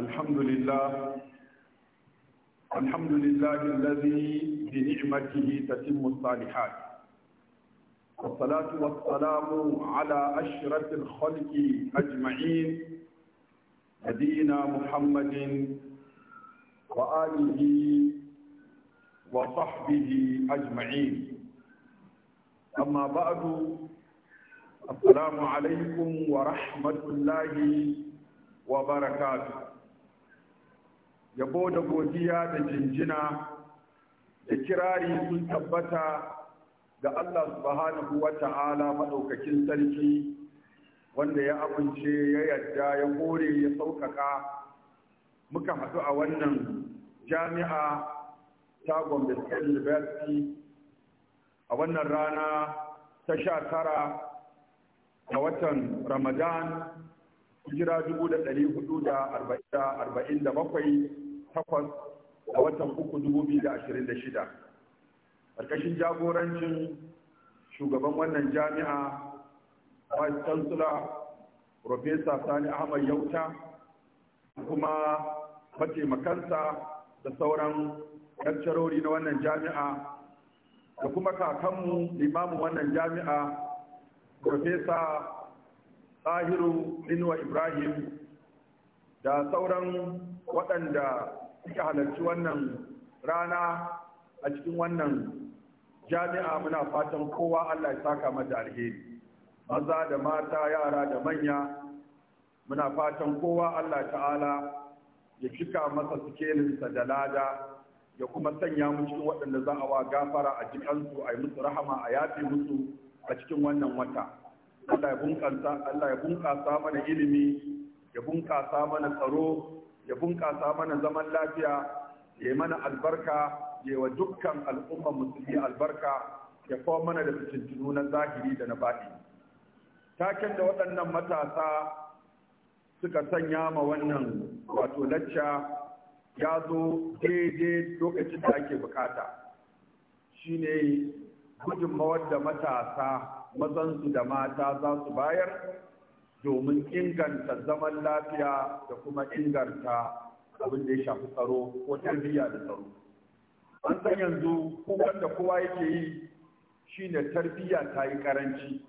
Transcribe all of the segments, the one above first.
الحمد لله الحمد لله الذي بنعمته تتم الصالحات والصلاة والسلام على أشرف الخلق أجمعين نبينا محمد وآله وصحبه أجمعين أما بعد السلام عليكم ورحمة الله وبركاته yabo da godiya da jinjina da kirari sun tabbata ga Allah subhanahu wa ta'ala maɗaukakin sarki wanda ya amince ya yarda ya gore ya sauƙaƙa muka haɗu a wannan jami'a ta Gombe State University a wannan rana ta sha tara a watan Ramadan hijira dubu takwas a watan uku dubu biyu da ashirin da shida ƙarƙashin jagorancin shugaban wannan jami'a vice chancellor professor sani ahmad yauta kuma mataimakansa da sauran lakcarori na wannan jami'a da kuma kakanmu limamin wannan jami'a profesa tahiru inuwa ibrahim da sauran waɗanda suka halarci wannan rana a cikin wannan jami'a muna fatan kowa Allah ya saka mata alheri maza da mata yara da manya muna fatan kowa Allah ta'ala ya cika masa sikelinsa da lada ya kuma sanya mu cikin waɗanda za a wa gafara a jikansu a yi musu rahama a yafe musu a cikin wannan wata Allah ya bunƙasa Allah ya bunƙasa mana ilimi ya bunƙasa mana tsaro ya bunƙasa mana zaman lafiya ya yi mana albarka ya wa dukkan al'umma musulmi albarka ya kawo mana da fitintunu na zahiri da na baɗi taken da waɗannan matasa suka sanya ma wannan wato lacca ya zo daidai lokacin da ake bukata shine gudunmawar da matasa mazansu da mata za su bayar domin inganta zaman lafiya da kuma inganta abin da ya shafi tsaro ko tarbiyya da tsaro an san yanzu kukan da kowa yake yi shi ne tarbiyya ta yi karanci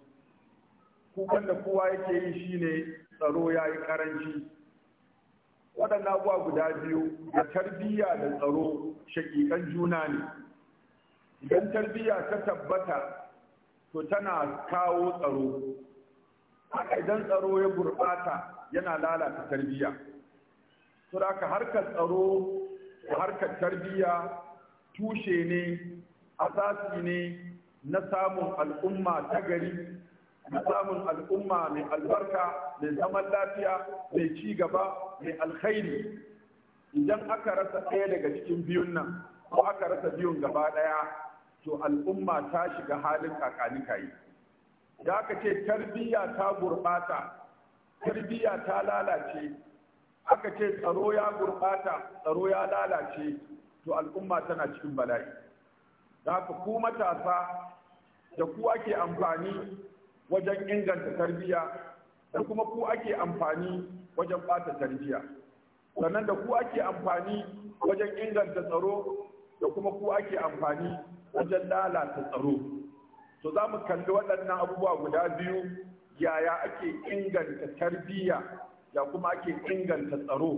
kukan da kowa yake yi shi ne tsaro ya yi karanci waɗannan abuwa guda biyu da tarbiyya da tsaro shaƙiƙan juna ne idan tarbiyya ta tabbata to tana kawo tsaro idan tsaro ya gurɓata yana lalata tarbiyya to da ka harkar tsaro da harkar tarbiyya tushe ne asasi ne na samun al'umma ta gari na samun al'umma mai albarka mai zaman lafiya mai ci gaba mai alkhairi idan aka rasa ɗaya daga cikin biyun nan ko aka rasa biyun gaba ɗaya to al'umma ta shiga halin kakanikayi da aka ce tarbiyya ta gurɓata tarbiyya ta lalace aka ce tsaro ya gurɓata tsaro ya lalace to al'umma tana cikin bala'i da aka ku matasa da ku ake amfani wajen inganta tarbiyya da kuma ku ake amfani wajen ɓata tarbiyya sannan da ku ake amfani wajen inganta tsaro da kuma ku ake amfani wajen lalata tsaro to za mu kalli waɗannan abubuwa guda biyu yaya ake inganta tarbiyya ya kuma ake inganta tsaro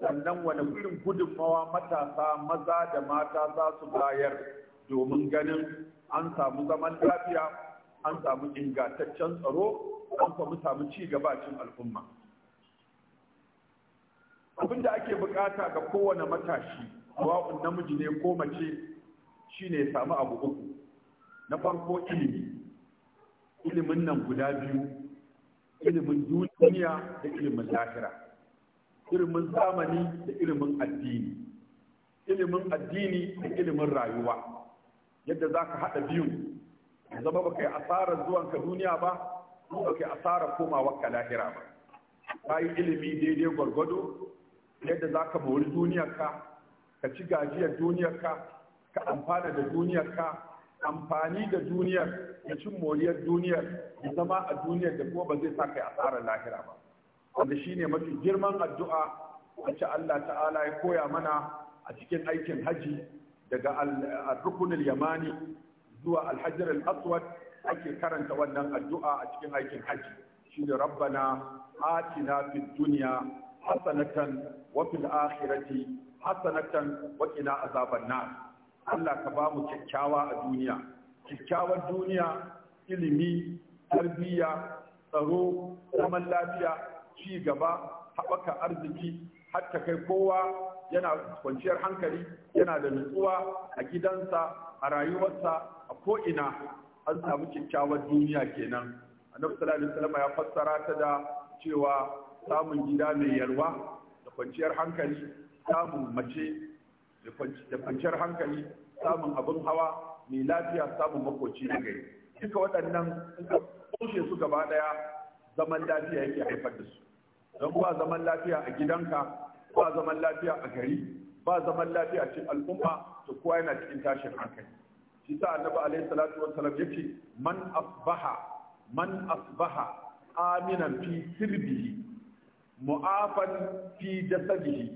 sannan wani gudun gudunmawa matasa maza da mata za su bayar domin ganin an samu zaman lafiya an samu ingantaccen tsaro an samu samu ci gaba cin al'umma abin da ake bukata ga kowane matashi wa'un namiji ne ko mace shine ya samu abu uku na farko ilimi ilimin nan guda biyu ilimin duniya da ilimin lahira ilimin zamani da ilimin addini ilimin addini da ilimin rayuwa yadda za ka haɗa biyun ya zama ba ka yi asarar zuwanka duniya ba ko ba ka yi asarar komawa ka lahira ba ka yi ilimi daidai gwargwado yadda za ka mori duniyarka ka ci gajiyar duniyarka ka amfana da duniyarka amfani da duniyar da cin moriyar duniyar da zama a duniyar da kuma ba zai sa kai asarar lahira ba wanda shine mafi girman addu'a wacce Allah ta'ala ya koya mana a cikin aikin haji daga al yamani zuwa al-hajar al-aswad ake karanta wannan addu'a a cikin aikin haji shine rabbana atina fid dunya hasanatan wa fil akhirati hasanatan wa qina azaban nar Allah ka ba mu kyakkyawa a duniya kyakkyawar duniya ilimi tarbiyya tsaro zaman lafiya ci gaba haɓaka arziki har ta kai kowa yana kwanciyar hankali yana da nutsuwa a gidansa a rayuwarsa a ko'ina an samu kyakkyawar duniya kenan annabi sallallahu alaihi ya fassara ta da cewa samun gida mai yalwa da kwanciyar hankali samun mace da kwanciyar hankali samun abin hawa mai lafiya samun makoci na gari duka waɗannan in kushe su gaba ɗaya zaman lafiya yake haifar da su don ba zaman lafiya a gidanka ba zaman lafiya a gari ba zaman lafiya cikin al'umma to kowa yana cikin tashin hankali shi sa annabi alaihi salatu wassalam yace man asbaha man asbaha aminan fi sirbihi mu'afan fi jasadihi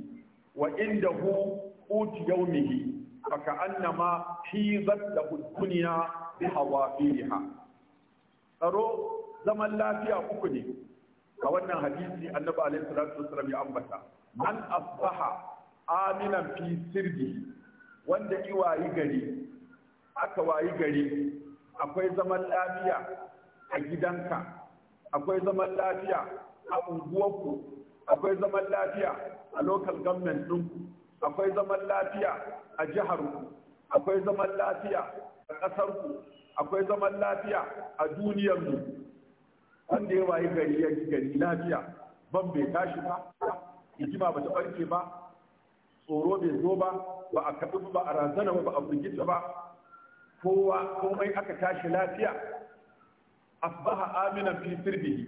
wa indahu quti yawmihi fa annama hizat da dunya bi hawafiriha tsaro zaman lafiya uku ne a wannan hadisi annabi alaihi salatu wasallam ya ambata man asbaha aminan fi sirri wanda iwayi gari aka wayi gari akwai zaman lafiya a gidanka akwai zaman lafiya a unguwarku akwai zaman lafiya a local government ɗinku akwai zaman lafiya a jihar ku akwai zaman lafiya a ƙasar akwai zaman lafiya a duniyar wanda ya wayi gari ya gari lafiya ban bai tashi ba hikima ba ta ɓarke ba tsoro bai zo ba ba a kaɗu ba a razana ba ba a firgita ba kowa komai aka tashi lafiya asbaha aminan fi sirbihi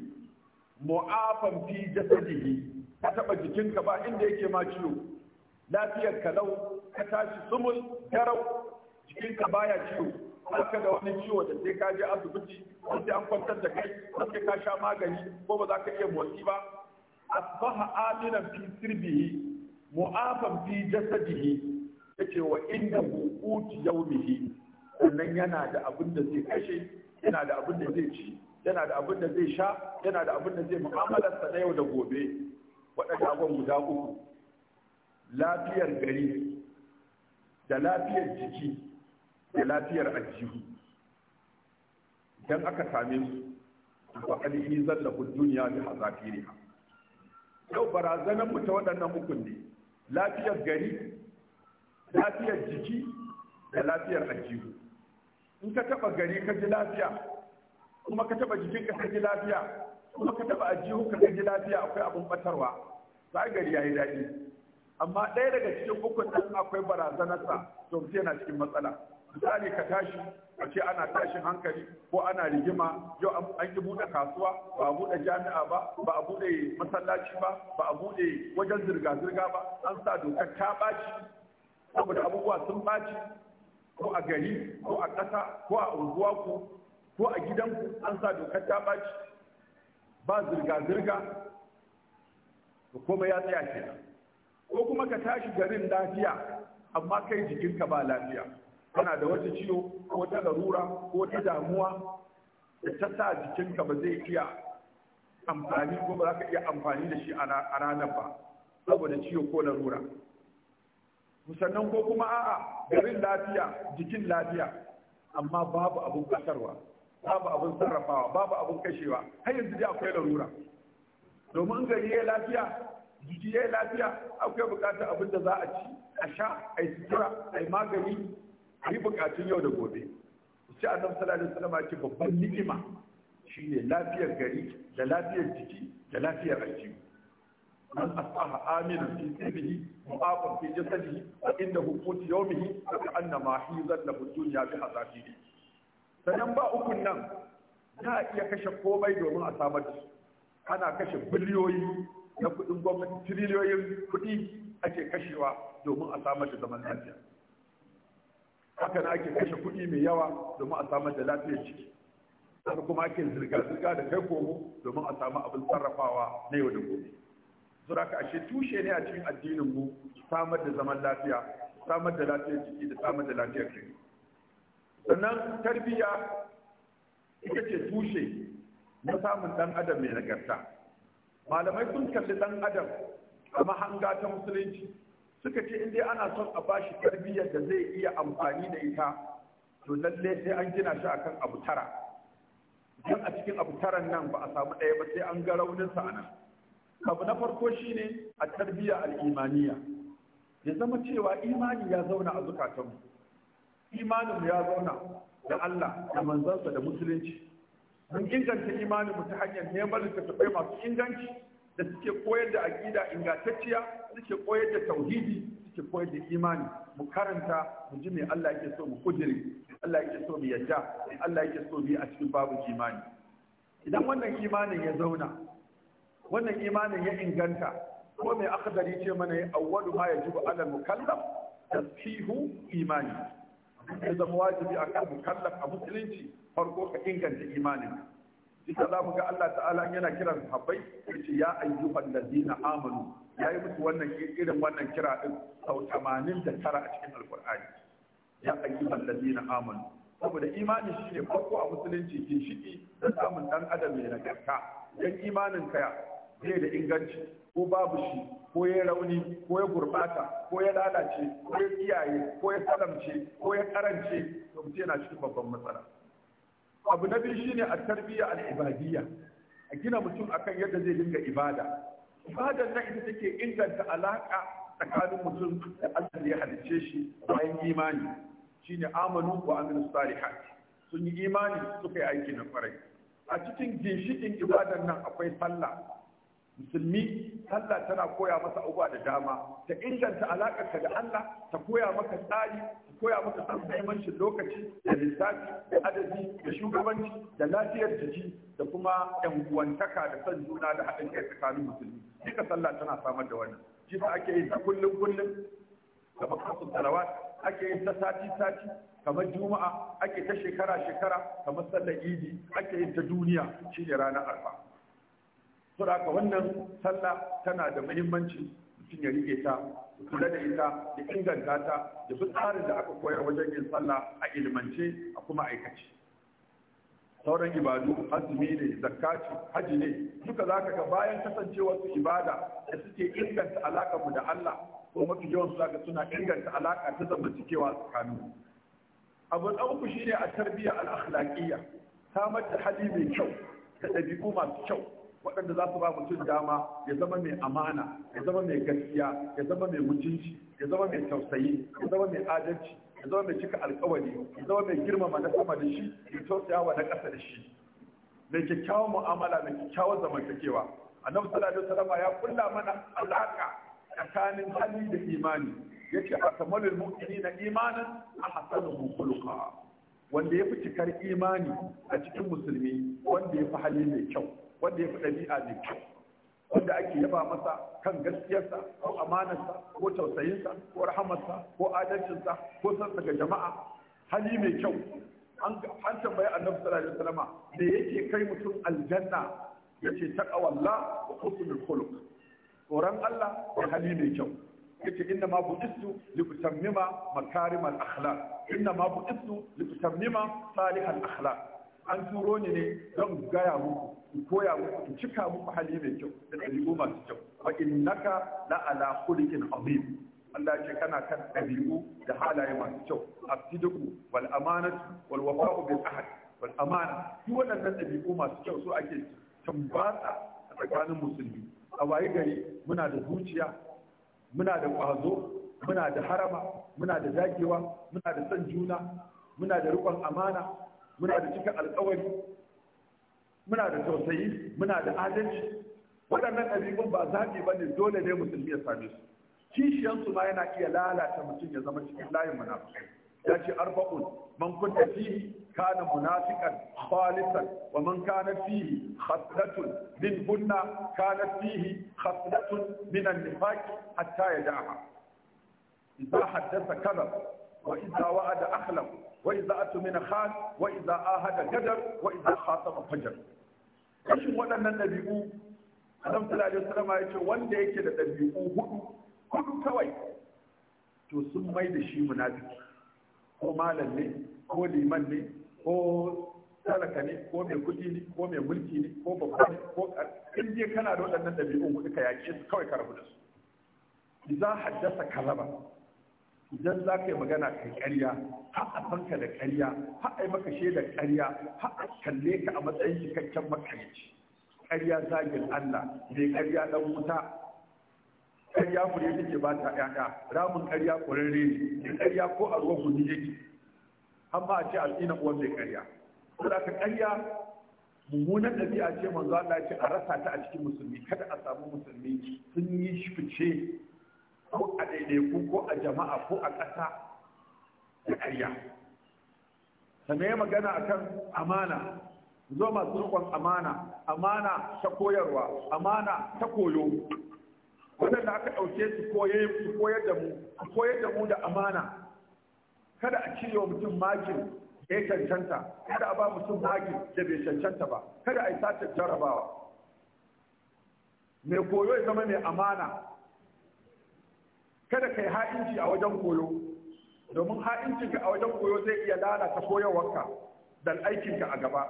mu'afan fi jasadihi ka taɓa jikinka ba inda yake ma ciwo lafiyar ka lau ka tashi sumul garau jikinka baya ciwo har ka da wani ciwo da sai ka je asibiti ko sai an kwantar da kai ko sai ka sha magani ko ba za ka iya motsi ba asbaha aminan fi sirbihi mu'afan fi jasadihi yace wa inda buquti yawmihi sannan yana da abin da zai kashe yana da abin da zai ci yana da abin da zai sha yana da abin da zai mu'amalarsa na yau da gobe waɗanda abin guda uku lafiyar gari da lafiyar jiki da lafiyar ajihu idan aka same su ba alhi zalla ku duniya hazafiri ha yau barazanar mu ta waɗannan hukun ne lafiyar gari lafiyar jiki da lafiyar ajihu in ka taba gari ka ji lafiya kuma ka taba jikin ka ji lafiya kuma ka taba ajihu ka ji lafiya akwai abun batarwa sai gari yayi daɗi amma ɗaya daga cikin ukun ɗin akwai barazanarsa to sai yana cikin matsala misali ka tashi a ce ana tashin hankali ko ana rigima yau an ki buɗe kasuwa ba a buɗe jami'a ba ba a buɗe masallaci ba ba a buɗe wajen zirga-zirga ba an sa dokar ta ɓaci saboda abubuwa sun ɓaci ko a gari ko a ƙasa ko a unguwa ku ko a gidanku an sa dokar ta ɓaci ba zirga-zirga da komai ya tsaya kenan ko kuma ka tashi garin lafiya amma kai jikinka ba lafiya kana da wata ciwo ko ta larura ko ta damuwa da ta sa jikinka ba zai iya amfani ko ba za ka iya amfani da shi a ranar ba saboda ciwo ko larura musannan ko kuma a'a garin lafiya jikin lafiya amma babu abun kasarwa babu abun sarrafawa babu abin kashewa har yanzu dai akwai larura domin gari ya lafiya jiki ya yi lafiya akwai bukatar abin da za a ci a sha a yi sutura a yi magani a yi bukatun yau da gobe sai annabi sallallahu alaihi wasallam ce babban ni'ima shine lafiyar gari da lafiyar jiki da lafiyar aljihu man asbaha aminan fi qalbihi mu'afan fi jasadihi wa indahu qut yawmihi fa annama hizat lahu dunya bi azabihi sanan ba ukun nan za a iya kashe komai domin a samar su. ana kashe biliyoyi na kuɗin gwamnati tiriliyoyin kuɗi ake kashewa domin a samar da zaman lafiya haka na ake kashe kuɗi mai yawa domin a samar da lafiyar ciki haka kuma ake zirga-zirga da kai komo domin a samu abin sarrafawa na yau da gobe zuraka ashe tushe ne a cikin addinin mu samar da zaman lafiya samar da lafiyar ciki da samar da lafiyar kai sannan tarbiyya ita ce tushe na samun dan adam mai nagarta malamai sun kalli dan adam a mahanga ta musulunci suka ce in dai ana son a bashi tarbiyyar da zai iya amfani da ita to lalle sai an gina shi akan abu tara don a cikin abu taran nan ba a samu ɗaya ba sai an ga rauninsa a nan abu na farko shine a tarbiyya al'imaniya ya zama cewa imani ya zauna a zukatanmu imaninmu ya zauna da Allah da manzansa da musulunci mun inganta imanin mu ta hanyar neman littattafai masu inganci da suke koyar da aƙida ingantacciya suke koyar da tauhidi suke koyar da imani mu karanta mu ji me Allah yake so mu kujiri Allah yake so mu yadda Allah yake so mu yi a cikin babu imani idan wannan imanin ya zauna wannan imanin ya inganta ko mai akadari ce mana ya awwalu ma yajibu ala mukallaf tasfihu imani ya zama wajibi a kan mukallaf a musulunci farko ka inganta imanin Bisa za mu ga Allah ta'ala yana kiran sahabbai yace ya ayyuhan ladina amanu yayi musu wannan irin wannan kira din sau 89 a cikin alqur'ani ya ayyuhan ladina amanu saboda imani shine farko a musulunci ginshiki da samun dan adam mai nagarta dan imanin kaya. sai da inganci ko babu shi ko ya rauni ko ya gurbata ko ya lalace ko ya kiyaye ko ya salamce ko ya karance to mutum yana cikin babban matsala abu na biyu shine a tarbiyya al-ibadiyya a gina mutum akan yadda zai dinga ibada ibadar na ita take inganta alaka tsakanin mutum da Allah ya halicce shi bayan imani shine amanu wa amilu salihat sun yi imani suka yi aiki na farai. a cikin ginshikin ibadan nan akwai sallah musulmi sallah tana koya masa abubuwa da dama ta inganta alaƙarka da Allah ta koya maka tsari ta koya maka san muhimmancin lokaci da lissafi da adadi da shugabanci da lafiyar jiki da kuma yankuwantaka da son juna da haɗin kai tsakanin musulmi duka sallah tana samar da wannan shi ake yi ta kullum kullum da makasun salawat ake yin ta sati sati kamar juma'a ake ta shekara shekara kamar sallar idi ake yin ta duniya shine ranar arfa saboda wannan sallah tana da muhimmanci mutum ya rike ta kula da ita da inganta ta da duk tsarin da aka koyar wajen yin sallah a ilimance a kuma aikace sauran ibadu azumi ne zakati haji ne duka zaka ga bayan kasancewar su ibada da suke inganta alaka mu da Allah ko mafi yawan su zaka suna inganta alaka ta zamantakewa tsakanin abu na uku shine a tarbiyya al-akhlaqiyya samar da hali mai kyau da dabi'u masu kyau waɗanda za su ba mutum dama ya zama mai amana ya zama mai gaskiya ya zama mai mutunci ya zama mai tausayi ya zama mai adalci ya zama mai cika alkawari ya zama mai girmama na sama da shi ya wa na ƙasa da shi mai kyakkyawan mu'amala mai kyakkyawan zamantakewa annabi sallallahu alaihi wasallam ya kulla mana alaka tsakanin hali da imani Ya ce yace akamalul mu'minina imanan ahsanuhum khuluqa wanda ya fi cikar imani a cikin musulmi wanda ya fi hali mai kyau wanda ya fi ɗabi'a mai kyau wanda ake yaba masa kan gaskiyarsa ko amanarsa ko tausayinsa ko rahamarsa ko adalcinsa ko sansa ga jama'a hali mai kyau an tambayi annabi sallallahu alaihi wasallam me yake kai mutum aljanna yace taqawalla wa husnul khuluq tsoron Allah da hali mai kyau yace inna ma bu'istu li utammima makarimal akhlaq inna ma bu'istu li utammima salihal akhlaq an turo ni ne don gaya muku in koya muku in cika muku hali mai kyau da ɗabi'u masu kyau wa innaka la ala khuluqin azim Allah ce kana kan ɗabi'u da halaye masu kyau asidiku wal Wal'amana, wal wafa'u bil ahad wal amana waɗannan ɗabi'u masu kyau so ake tambatsa a tsakanin musulmi a waye gari muna da zuciya muna da ƙwazo muna da harama muna da dagewa muna da son juna muna da rikon amana muna da cikin alkawari muna da tausayi muna da adalci waɗannan ɗabi'un ba zaɓi ba ne dole ne musulmi ya same su kishiyansu ma yana iya lalata mutum ya zama cikin layin munafikai ya ce arba'un man kunta fihi kana munafiqan khalisan wa man kana fihi khaslatun min hunna kana fihi khaslatun min an-nifaq hatta yada'a idza haddatha kadhab wa idza wa'ada akhlaq wa idza atmina khan wa idza ahada gadar wa fajar kashin waɗannan ɗabi'u annabi sallallahu alaihi ya ce wanda yake da ɗabi'u hudu hudu kawai to sun mai shi munafiki ko malam ne ko liman ne ko talaka ne ko mai kuɗi ne ko mai mulki ne ko babba ne ko in je kana da waɗannan ɗabi'un kuɗi ka yaƙe su kawai ka rabu da su idza haddasa karaba idan za ka yi magana kai ƙarya har a fanka da ƙarya har a yi maka shaida ƙarya har a kalle ka a matsayin cikakken makarici ƙarya zagin Allah ne ƙarya ɗan wuta ƙarya kure take ba ta ƴaƴa ramin ƙarya ƙurarre ne ƙarya ko a ruwan gudu yake amma a ce al'ina uwan mai ƙarya saboda ka ƙarya mummunan ɗabi'a ce manzo Allah ce a rasa ta a cikin musulmi kada a samu musulmi sun yi shi fice ko a daidaiku ko a jama'a ko a ƙasa da ƙarya sannan ya magana a kan amana zo masu rikon amana amana ta koyarwa amana ta koyo waɗanda aka ɗauke su koyar da mu koyar da mu amana kada a cire wa mutum makin ya cancanta kada a ba mutum makin da bai cancanta ba kada a yi sace jarabawa mai koyo ya zama mai amana kada ka yi ha'inci a wajen koyo domin ha'incinka a wajen koyo zai iya lalata koyarwarka dan aikinka a gaba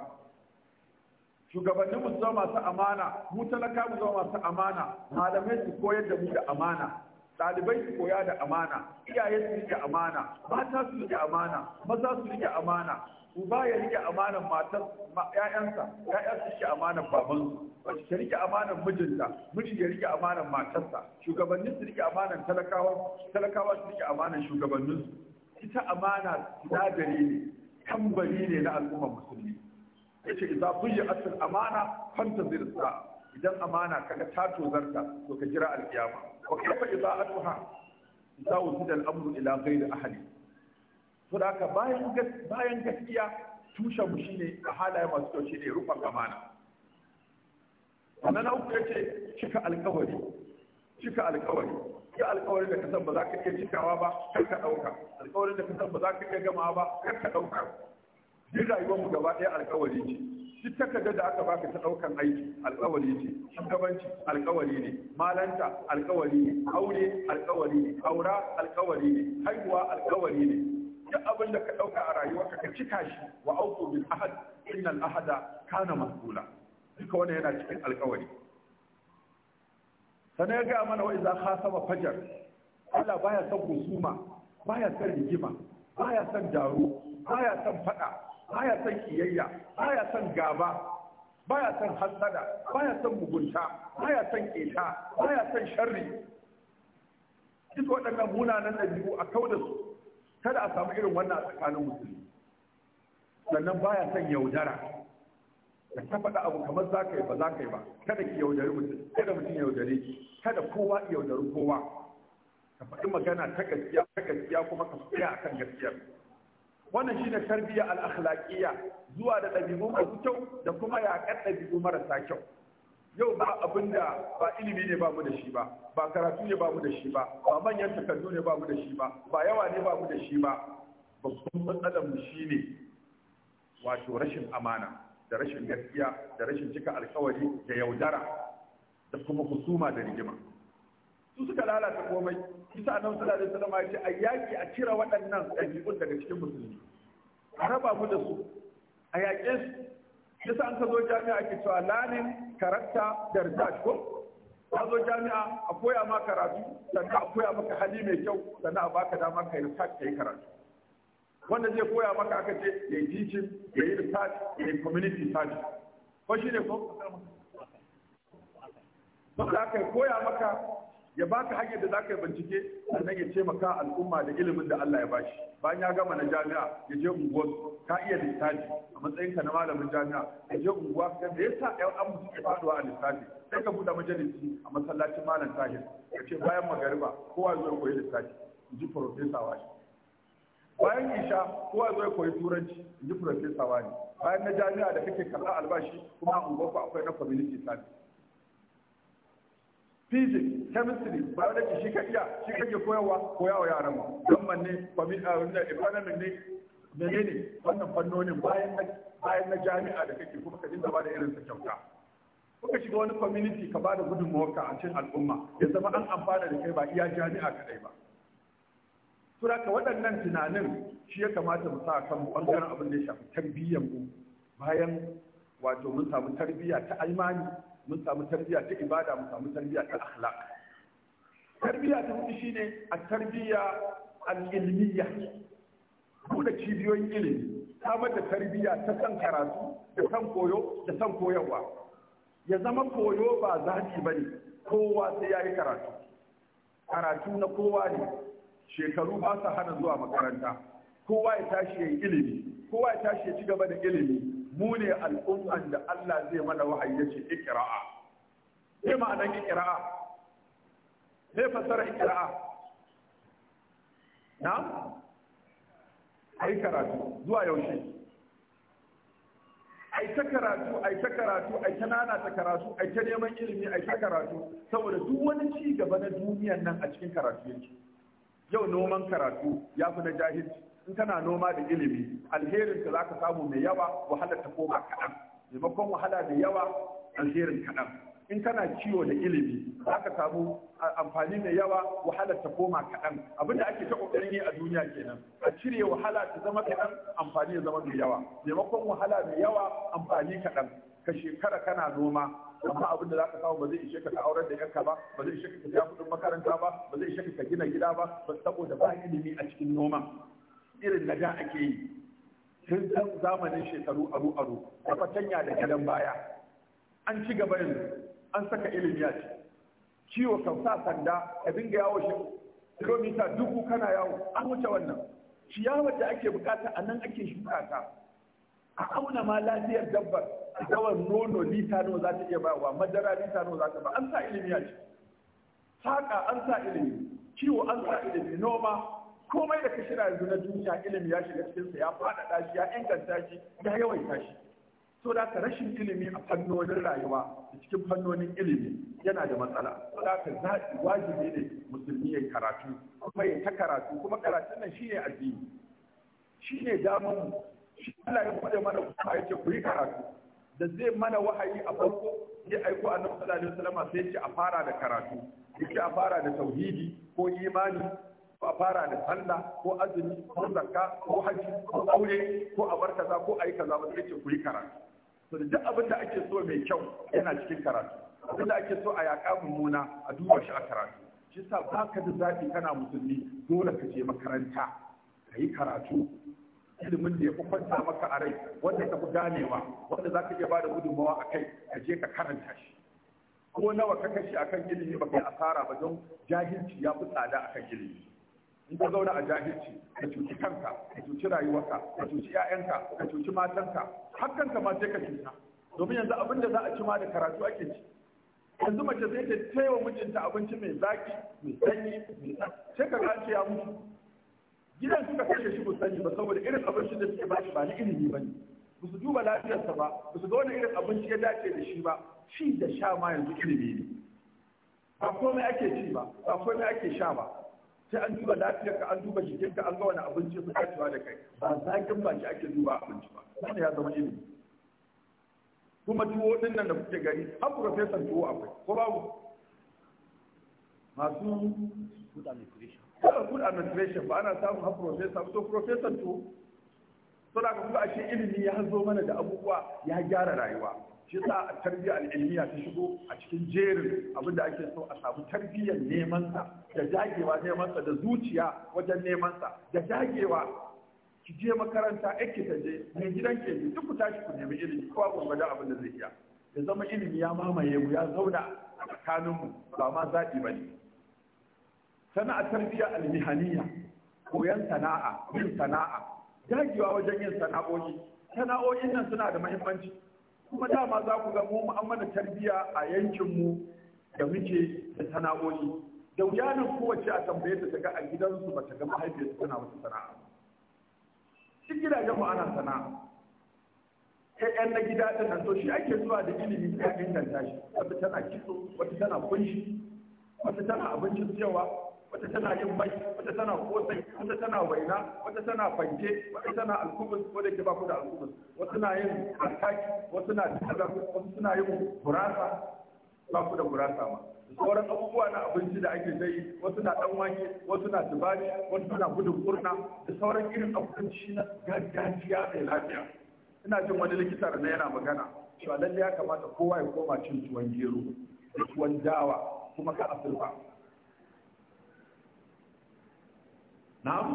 shugabannin mu zama masu amana mu talaka mu zama masu amana malamai su koyar da mu da amana Dalibai su koya da amana iyaye su rike amana mata su rike amana maza su rike amana uba ya rike amanan matar ƴaƴansa ƴaƴa su rike amanan su Wace ta rike amanan mijinta miji ya rike amanan matarsa shugabannin su rike amanan talakawa talakawa su rike amanan shugabannin ita amana sinadari ne tambari ne na al'ummar musulmi yace idza yi al-amana fanta sa idan amana kaga tato zarta to ka jira alkiyama wa a ibaatuha idza wusida al-amru ila ghairi ahli to da ka bayan bayan gaskiya tushen mu shine a halaye masu kyau shine rufan amana sannan uku yace cika alkawari cika alkawari da ka san ba za ka iya cikawa ba kar ka dauka alkawarin da ka san ba za ka iya gamawa ba kar ka rayuwar mu gaba ɗaya alkawari ce duk takardar da aka baka ta daukan aiki alkawari ce shugabanci alkawari ne malanta alkawari ne aure alkawari ne aura alkawari ne haihuwa alkawari ne duk abin da ka dauka a rayuwarka ka cika shi wa auku bil ahad al ahada kana mas'ula duka wannan yana cikin alkawari sannan ya ga mana wa idza saba fajar Allah baya son kusuma baya son rigima baya son daro baya son fada baya son kiyayya baya son gaba baya son hasada baya son mugunta baya son keta baya son sharri duk waɗannan munanan ɗabi'u a kau da su kada a samu irin wannan tsakanin musulmi sannan baya son yaudara da ta faɗa abu kamar za ka yi ba za ka yi ba kada ki yaudari mutum kada mutum yaudare ki kada kowa yaudari kowa ka faɗi magana ta gaskiya ta gaskiya kuma ka a kan gaskiyar wannan shi ne tarbiyya al'akhlaƙiyya zuwa da ɗabi'u masu kyau da kuma yaƙar ɗabi'u marasa kyau yau ba abin da ba ilimi ne ba mu da shi ba ba karatu ne ba mu da shi ba ba manyan takardu ne ba mu da shi ba ba yawa ne ba mu da shi ba babban matsalar mu shi ne wato rashin amana da rashin gaskiya da rashin cika alkawari da yaudara da kuma husuma da rigima su suka lalata komai isa annabi sallallahu alaihi wasallam ya ce a yaki a cire waɗannan ɗabi'un daga cikin musulmi a raba mu da su a yaƙe su yasa an ka zo jami'a ake cewa lanin karatta da rizaj ko ka zo jami'a a koya ma karatu sannan a koya maka hali mai kyau sannan a baka dama ka yi rizaj ka yi karatu wanda zai koya maka aka ce ya yi teaching ya yi rizaj ya yi community service ko shi ne ko saboda aka koya maka ya ba ka hanyar da za ka yi bincike sannan ya ce maka al'umma da ilimin da Allah ya ba bashi bayan ya gama na jami'a ya je unguwa ka iya lissafi a matsayin ka na malamin jami'a ya je unguwa ka da yasa ɗan an mutu ke faɗuwa a lissafi sai ka buɗe majalisi a masallacin malam tahir ya ce bayan magariba kowa zai koyi lissafi in ji farfesa shi. bayan isha kowa zai koyi turanci in ji farfesa ne bayan na jami'a da kake karɓar albashi kuma a unguwar akwai na community service physics chemistry biology shi ka iya shi ka koyarwa koyawa yaran mu gamman ne economic ne menene wannan fannonin bayan na bayan na jami'a da kake kuma ka dinga bada irin sa kyauta kuka shiga wani community ka bada gudunmawarka a cikin al'umma ya zama an amfana da kai ba iya jami'a kadai ba Kura ka waɗannan tunanin shi ya kamata mu sa kan bangaren abin da ya shafi tarbiyyar mu bayan wato mun samu tarbiyya ta almani mun samu tarbiyya ta ibada mun samu tarbiyya ta akhlaq tarbiyya ta hudu shine a tarbiyya al-ilmiyya buɗe cibiyoyin ilimi samar da tarbiyya ta kan karatu da san koyo da san koyarwa ya zama koyo ba zaɓi ba ne kowa sai ya yi karatu karatu na kowa ne shekaru ba sa hana zuwa makaranta kowa ya tashi ya yi ilimi kowa ya tashi ya ci gaba da ilimi mu ne al'umman da Allah zai mana wahayi ya ce ikira'a me ma'anar ikira'a me fasara ikira'a na ai karatu zuwa yaushe ai ta karatu ai ta karatu ai ta nana ta karatu ai ta neman ilimi ai ta karatu saboda duk wani ci gaba na duniyan nan a cikin karatu yake yau noman karatu ya fi na jahilci in kana noma da ilimi alherin da zaka samu mai yawa wahala ta koma kaɗan maimakon wahala da yawa alherin kaɗan in kana ciwo da ilimi zaka samu amfani mai yawa wahala ta koma kaɗan abinda ake ta ƙoƙarin yi a duniya kenan a cire wahala ta zama kaɗan amfani ya zama mai yawa maimakon wahala mai yawa amfani kaɗan ka shekara kana noma amma abin da za ka samu ba zai ishe ka ka aurar da yanka ba ba zai ishe ka ka kuɗin makaranta ba ba zai ishe ka ka gina gida ba saboda ba ilimi a cikin noma. irin na da ake yi tun ɗan zamanin shekaru aru aru da fatanya da gadon baya an ci gaba yanzu an saka ilimi a ci ciwo kan sa sanda ka dinga yawo shi kilomita dubu kana yawo an wuce wannan ciyawar da ake bukata a nan ake shuka ta a auna ma lafiyar dabbar dawar nono lita nawa za ta iya bayarwa madara lita nawa za ta ba an sa ilimi a ci saƙa an sa ilimi ciwo an sa ilimi noma komai da ka shirya yanzu na duniya ilimi ya shiga cikinsa ya faɗaɗa shi ya inganta shi ya yawaita shi to da ka rashin ilimi a fannonin rayuwa a cikin fannonin ilimi yana da matsala to da ka zaɓi wajibi ne musulmi ya karatu kuma ya ta karatu kuma karatun nan shine addini shine daman shi Allah ya faɗa mana kuma ya ku yi karatu da zai mana wahayi a farko ya aiko annabi sallallahu alaihi wasallam sai ya ce a fara da karatu ya a fara da tauhidi ko imani ko a fara da sallah ko azumi ko zakka ko haji ko aure ko a bar kaza ko ayi kaza ba sai ku yi karatu to duk abin da ake so mai kyau yana cikin karatu abin da ake so a yaƙa mummuna a duba shi a karatu shi sa baka da zafi kana musulmi dole ka je makaranta ka yi karatu ilimin da ya fi kwanta maka a rai wanda ka fi ganewa wanda za ka iya ba da gudunmawa a kai ka je ka karanta shi ko nawa ka kashe a kan ilimi ba kai asara ba don jahilci ya fi tsada kan ilimi ka zauna a jahilci ka cuci kanka ka cuci rayuwarka ka cuci 'ya'yanka ka cuci matanka Hakan kanka ma sai ka cuta domin yanzu abin da za a ci ma da karatu ake ci yanzu mace zai ta taiwa mijinta abinci mai zaki mai sanyi mai sai ka kace ya mutu gidan suka kashe shi musani ba saboda irin abincin da suke bashi ba ni ilimi ba ne ba su duba lafiyarsa ba ba su ga wani irin abinci ya dace da shi ba shi da sha ma yanzu ilimi ne ba komai ake ci ba ba komai ake sha ba sai an duba lafiyarka an duba jikinka an ga wani abinci su dacewa da kai ba zakin ba shi ake duba abinci ba wannan ya zama ilimi kuma tuwo din nan da kuke gari har professor tuwo akwai ko babu masu food administration ba ana samun har professor to professor tuwo saboda kuma ashe ilimi ya zo mana da abubuwa ya gyara rayuwa shi sa tarbiyya al'ilmiya ta shigo a cikin jerin abin da ake so a samu tarbiyyar nemansa da jagewa nemansa da zuciya wajen nemansa da jagewa. ki je makaranta ake ta je mai gidan ke duk ku tashi ku nemi ilimi kowa gwangwada abin da zai iya ya zama ilimi ya mamaye mu ya zauna a mu ba ma zaɓi ba ne sana'a tarbiyya almihaniya koyon sana'a yin sana'a dagewa wajen yin sana'o'i sana'o'in nan suna da muhimmanci kuma dama za ku ga mu mu'amala tarbiya tarbiyya a yankinmu da muke da sana'o'i da wuyanin kowace a tambaye ta daga a gidansu ba ta ga mahaifiyarsu tana wasu sana'a duk gidajen mu ana sana'a yan na gida ɗin nan to shi ake zuwa da ilimi ta inganta shi wata tana kitso wata tana kunshi wata tana abincin cewa wata tana yin mai wata tana kosai wata tana waina wata tana fanke wata tana alkubus ko da ke ba ku da alkubus wasu tana yin alkaki wasu na tsada wasu suna yin burasa ba ku da burasa ma sauran abubuwa na abinci da ake dai wasu na dan wake wasu na tubani wasu na gudun kurna da sauran irin abinci na gargajiya mai lafiya ina jin wani likita da yana magana cewa lalle ya kamata kowa ya koma cin tuwon gero da tuwon dawa kuma ka asulfa na'am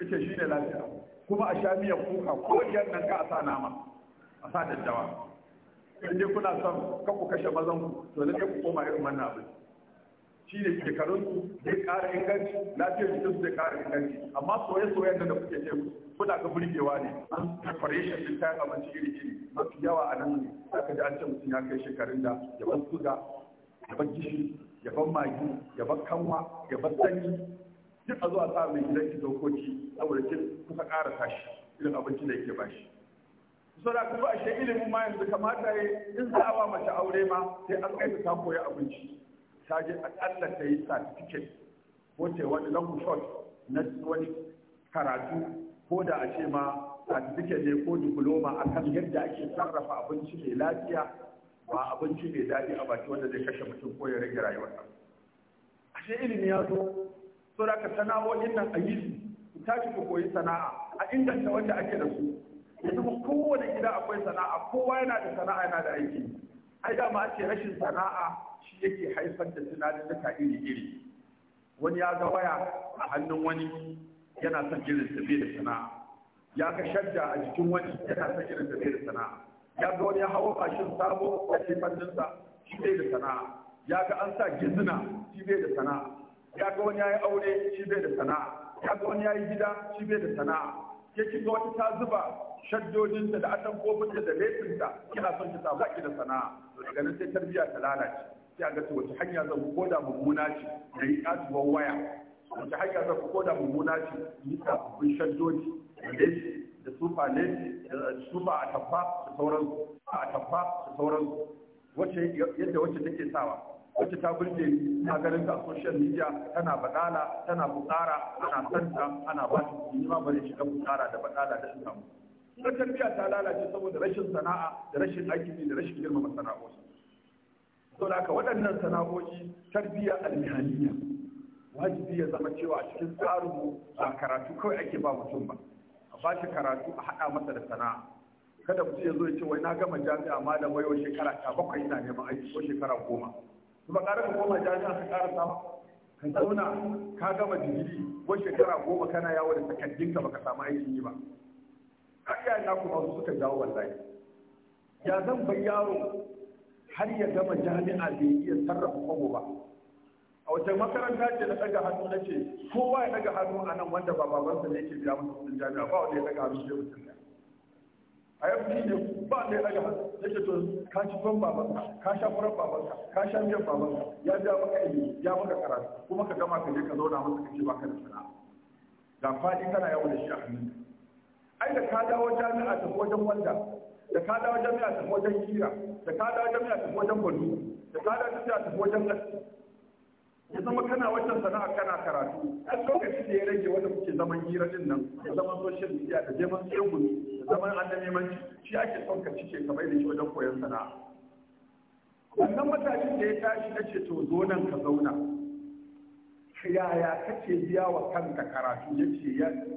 ita shine lafiya kuma a sha miyan kuka ko yan nan ka sa nama a sa daddawa in dai kuna son ka ku kashe mazan ku to ne ku koma irin wannan abin shi ne shekarun ku zai ƙara inganci lafiyar jikin su zai ƙara inganci amma soye soyen da kuke ce kuna ga burgewa ne an preparation din kayan abinci iri iri mafi yawa a nan ne ka ji an ce mutum ya kai shekarun da ya ban suga ya ban kishi, ya ban magi ya ban kanwa ya ban sanyi duk a a sa mai gidan ki dokoki saboda kin kuka ƙara tashi irin abinci da yake bashi saboda kuma ashe ilimin ma yanzu kamata ya in za a ba mace aure ma sai an kai ta koya abinci ta je a akalla ta yi certificate ko ta wani long shot na wani karatu ko da a ce ma certificate ne ko diploma a kan yadda ake sarrafa abinci mai lafiya ba abinci mai daɗi a baki wanda zai kashe mutum ko ya rage rayuwarsa ashe ilimi ya zo so da ka sana'o'in nan a yi su ku tashi ku koyi sana'a a inganta wanda ake da su yanzu ko kowane gida akwai sana'a kowa yana da sana'a yana da aiki ai da ma ce rashin sana'a shi yake haifar da tunanin da iri-iri wani ya ga waya a hannun wani yana son irin tafi da sana'a ya ga shadda a jikin wani yana son irin tafi da sana'a ya ga wani ya hawa bashin sabo a cikin shi da sana'a ya ga an sa gizina shi bai da sana'a ya ga wani yi aure shi bai da sana'a ya ga wani yi gida shi bai da sana'a ya ki ga wata ta zuba shaddodinta da kofinta da lefinta kina son ki samu ki da sana'a to daga nan sai tarbiyya ta lalace sai a ga to wace hanya zan koda mummuna ce da yi kasuwar waya wace hanya zan koda mummuna ce yi sababbin shaddodi da lefi da sufa lefi da sufa a tabba da sauransu a tabba da sauransu wacce yadda wacce take sawa wacce ta burge a garin ta social media tana badala tana bukara ana santa ana ba ta kuɗi ma bari shiga bukara da badala da samu kuma tarbiyya ta lalace saboda rashin sana'a da rashin aiki da rashin girmama sana'o'i to da waɗannan sana'o'i tarbiyya almihaniya wajibi ya zama cewa a cikin mu ba karatu kawai ake ba mutum ba a ba shi karatu a haɗa masa da sana'a kada mutum ya zo ya ce wai na gama jami'a ma da wayo shekara ta bakwai ina neman aiki ko shekara goma kuma ƙara ka koma jami'a ka ƙara samu ka zauna ka gama digiri wani shekara goma kana yawo da ka baka samu aikin yi ba har na kuma su suka jawo wallahi ya zan bai yaro har ya gama jami'a bai iya sarrafa kwabo ba a wace makaranta ce na daga hannu na ce kowa ya daga hannu a nan wanda ba babansa ne ke biya masa kudin jami'a ba wanda ya daga hannu shi mutum ɗaya a yau ne ba da ya daga yake to ka ci son babanka ka sha furar babanka ka sha miyan babanka ya ja maka ilimi ya maka karatu kuma ka gama ka je ka zauna masa ka ce ba ka da sana'a da fadi kana yawo da shi a hannun ai da ka dawo jami'a ta wajen wanda da ka dawo jami'a ta wajen kira da ka dawo jami'a ta wajen gwado da ka dawo jami'a ta wajen gaskiya ya zama kana wannan sana'a kana karatu a lokacin da ya rage wanda kuke zaman hira din nan da zaman social media da zaman tsegumi da zaman annabimanci shi ake son ka cike ka bai da shi wajen koyon sana'a wannan matashin da ya tashi na ce to zo nan ka zauna yaya kake biya wa kanka karatu ya ce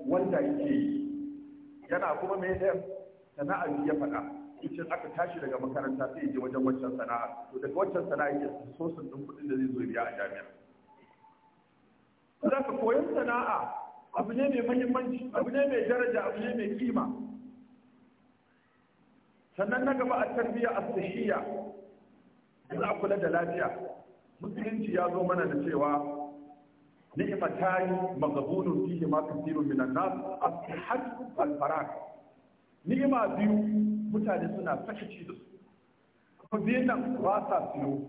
wanda yake yi yana kuma mai sana'a ya faɗa in aka tashi daga makaranta sai ya je wajen waccan sana'a to daga waccan sana'a ya sosin ɗin kuɗin da zai zo biya a jami'a za ka koyon sana'a abu ne mai muhimmanci abu ne mai daraja abu ne mai kima sannan na gaba a tarbiyya a sahiya za a kula da lafiya musulunci ya zo mana da cewa ni'matani maghbunun fihi ma kathirun minan nas as-sihhat wal faragh ni'ma biyu mutane suna sakaci da su kuma biyan ba sa siyo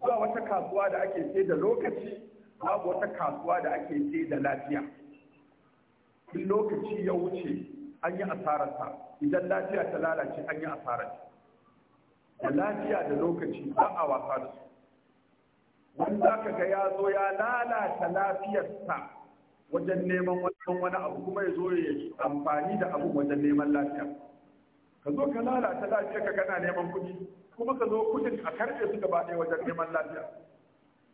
ba wata kasuwa da ake sai da lokaci babu wata kasuwa da ake sai da lafiya in lokaci ya wuce an yi asararsa idan lafiya ta lalace an yi asarar da lafiya da lokaci ba a wasa da su wanda ka ga ya zo ya lalata lafiyarsa wajen neman wani abu kuma ya zo ya amfani da abu wajen neman lafiya ka zo ka lalata lafiya ka kana neman kuɗi kuma ka zo kuɗin a karfe su gaba ɗaya wajen neman lafiya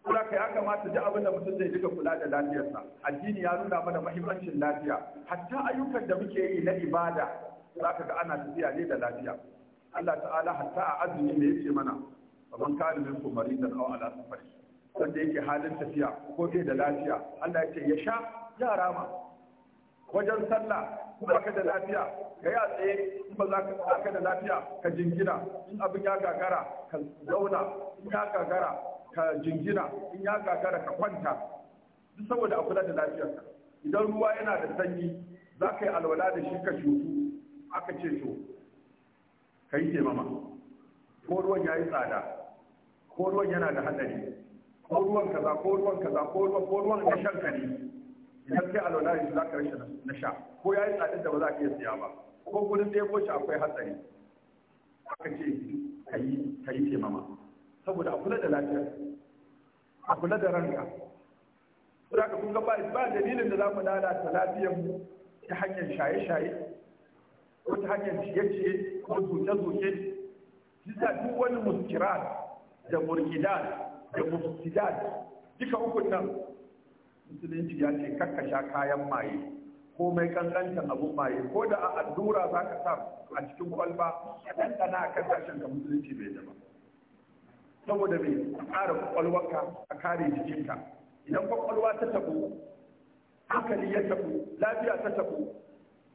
kula ka ya kamata ji abin da mutum zai duka kula da lafiyarsa addini ya nuna mana mahimmancin lafiya hatta ayyukan da muke yi na ibada za ka ga ana tafiya ne da lafiya Allah ta'ala hatta a azumi ne yace mana faman kana minkum maridan aw ala safari wanda yake halin tafiya ko bai da lafiya Allah ya ya sha ya rama wajen sallah kuma ka da lafiya ka yi a tsaye in ba za ka da lafiya ka jingina in abin ya gagara ka zauna in ya gagara ka jingina in ya gagara ka kwanta duk saboda a kula da lafiyarka idan ruwa yana da sanyi za ka yi alwala da shi ka shuku aka ce to ka yi taimama ko ruwan ya yi tsada ko ruwan yana da hadari ko ruwan kaza ko ruwan kaza ko ruwan ko ruwan ka idan kai alwala yanzu za ka rashin na sha ko ya yi tsadin da ba za ka iya siya ba ko kudin ɗaya ko shi akwai hatsari aka ce ka yi taimama saboda a kula da lafiyar a kula da ranka ko da ka kunga ba ba dalilin da za mu lalata lafiyar mu ta hanyar shaye-shaye ko ta hanyar ciye-ciye ko zuke-zuke bisa duk wani muskirat da murkidar da mufsidat duka ukun nan musulunci ya ce kakkasha sha kayan maye komai kankantan abu maye ko da a allura za ka sa a cikin kwalba ka ɗanɗana a kan sashen ka musulunci bai daba saboda mai tsara kwakwalwarka a kare jikinka idan kwakwalwa ta tabo hankali ya tabo lafiya ta tabo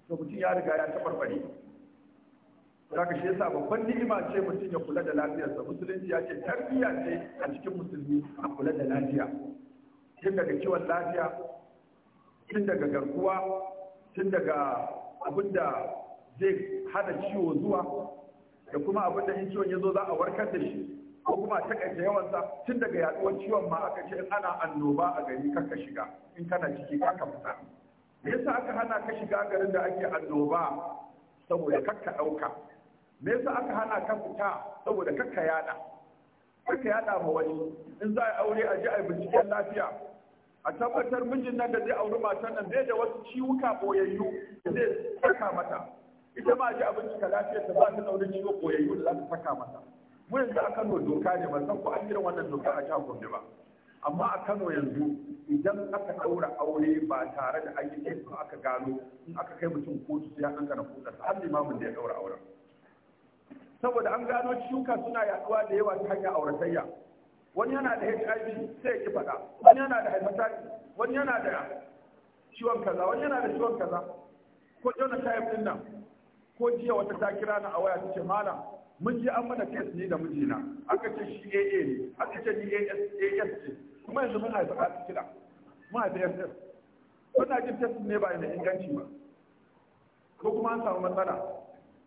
to mutum ya riga ya tabarbare ka shi yasa babban ni'ima ce mutum ya kula da lafiyarsa musulunci ya ce tarbiyya ce a cikin musulmi a kula da lafiya tun daga kiwon lafiya tun daga garkuwa tun daga abin da zai hada ciwo zuwa da kuma abin da in ciwon ya zo za a warkar da shi ko kuma takaice yawansa tun daga yaduwar ciwon ma aka ce in ana annoba a gari kaka shiga in kana ciki kaka fita me yasa aka hana ka shiga garin da ake annoba saboda kakka dauka me yasa aka hana ka fita saboda kakka yada kaka yaɗa ma wani in za a aure a ji a binciken lafiya a tabbatar mijin nan da zai auri matan nan zai da wasu ciwuka boyayyu da zai saka mata ita ma ji a bincika lafiyar ta ba ta daurin ciwo boyayyu da za ta saka mata mu yanzu a Kano doka ne ba san ko an irin wannan doka a jihar Gombe ba amma a Kano yanzu idan aka daura aure ba tare da an yi aka gano in aka kai mutum kotu sai an kankana kuɗa har limamin da ya ɗaura auren saboda an gano shuka suna yaduwa da yawa ta hanyar auratayya wani yana da HIV sai ya faɗa wani yana da hepatitis wani yana da ciwon kaza wani yana da ciwon kaza ko jona tayib din nan ko jiya wata ta kira ni a waya tace malam mun ji an mana test ni da mijina aka ce shi AA ne aka ce ni AS ce kuma yanzu mun haifa a kira mun haifa SS wannan jin test ne ba da inganci ba ko kuma an samu matsala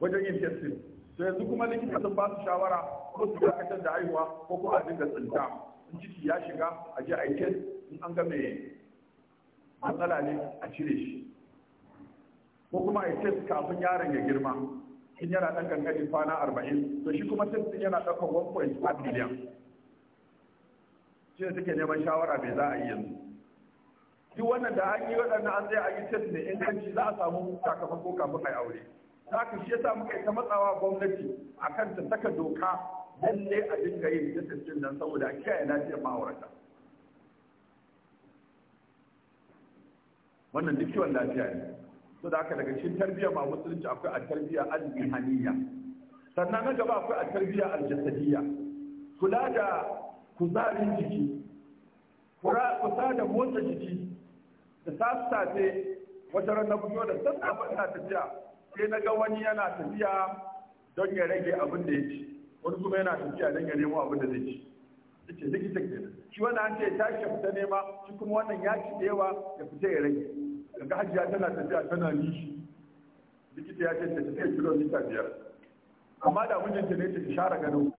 wajen yin test to yanzu kuma likita sun ba su shawara ko su dakatar da haihuwa ko kuma a dinga tsinta in ciki ya shiga a ji a in an ga mai matsala ne a cire shi ko kuma a test kafin yaron ya girma in yana ɗan ganganin kwana arba'in to shi kuma test yana ɗaukar 1.5 million shi ne suke neman shawara mai za a yi yanzu duk wannan da an yi waɗannan an tsaye a yi test ne in kanci za a samu sakamako kafin a yi aure haka shi yasa muka yi ta matsawa gwamnati a kan ta saka doka lalle a dinga yin distancing nan saboda a kiyaye lafiyar ma'aurata wannan duk kiwon lafiya ne so da aka daga cikin tarbiyya ma musulunci akwai a tarbiyya al-bihaniya sannan na gaba akwai a tarbiyya al-jasadiyya kula da kuzarin jiki kusa da motsa jiki da sassafe wajen ranar fito da sassafe ina tafiya sai na ga wani yana tafiya don ya rage abin da ya ci wani kuma yana tafiya don ya nemo abin da zai ci ce likita ke shi wannan an ce tashi fita nema shi kuma wannan ya ci da yawa ya fita ya rage daga hajiya tana tafiya tana nishi likita ya ce ta tafiya kilomita biyar amma da mijinta ne ta share gado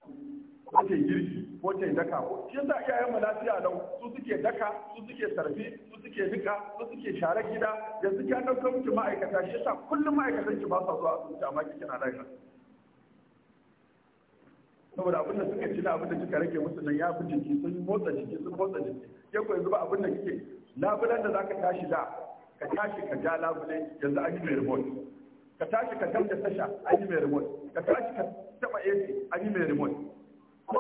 ko ta yi girki ko ta yi daka ko shi yasa iyayen mu lafiya lau su suke daka su suke sarfi suke duka su suke share gida yanzu suke ɗauka miki ma'aikata shi yasa kullum ma'aikatan ki ba sa zuwa asibiti amma ki kina lafiya saboda abin da suka ci da abin da kika rage musu nan ya fi jiki sun motsa jiki sun motsa jiki ke ko yanzu ba abin da kike labulan da zaka tashi da ka tashi ka ja labule yanzu an yi mai remote ka tashi ka tamta tasha an yi mai remote ka tashi ka taba AC an yi mai remote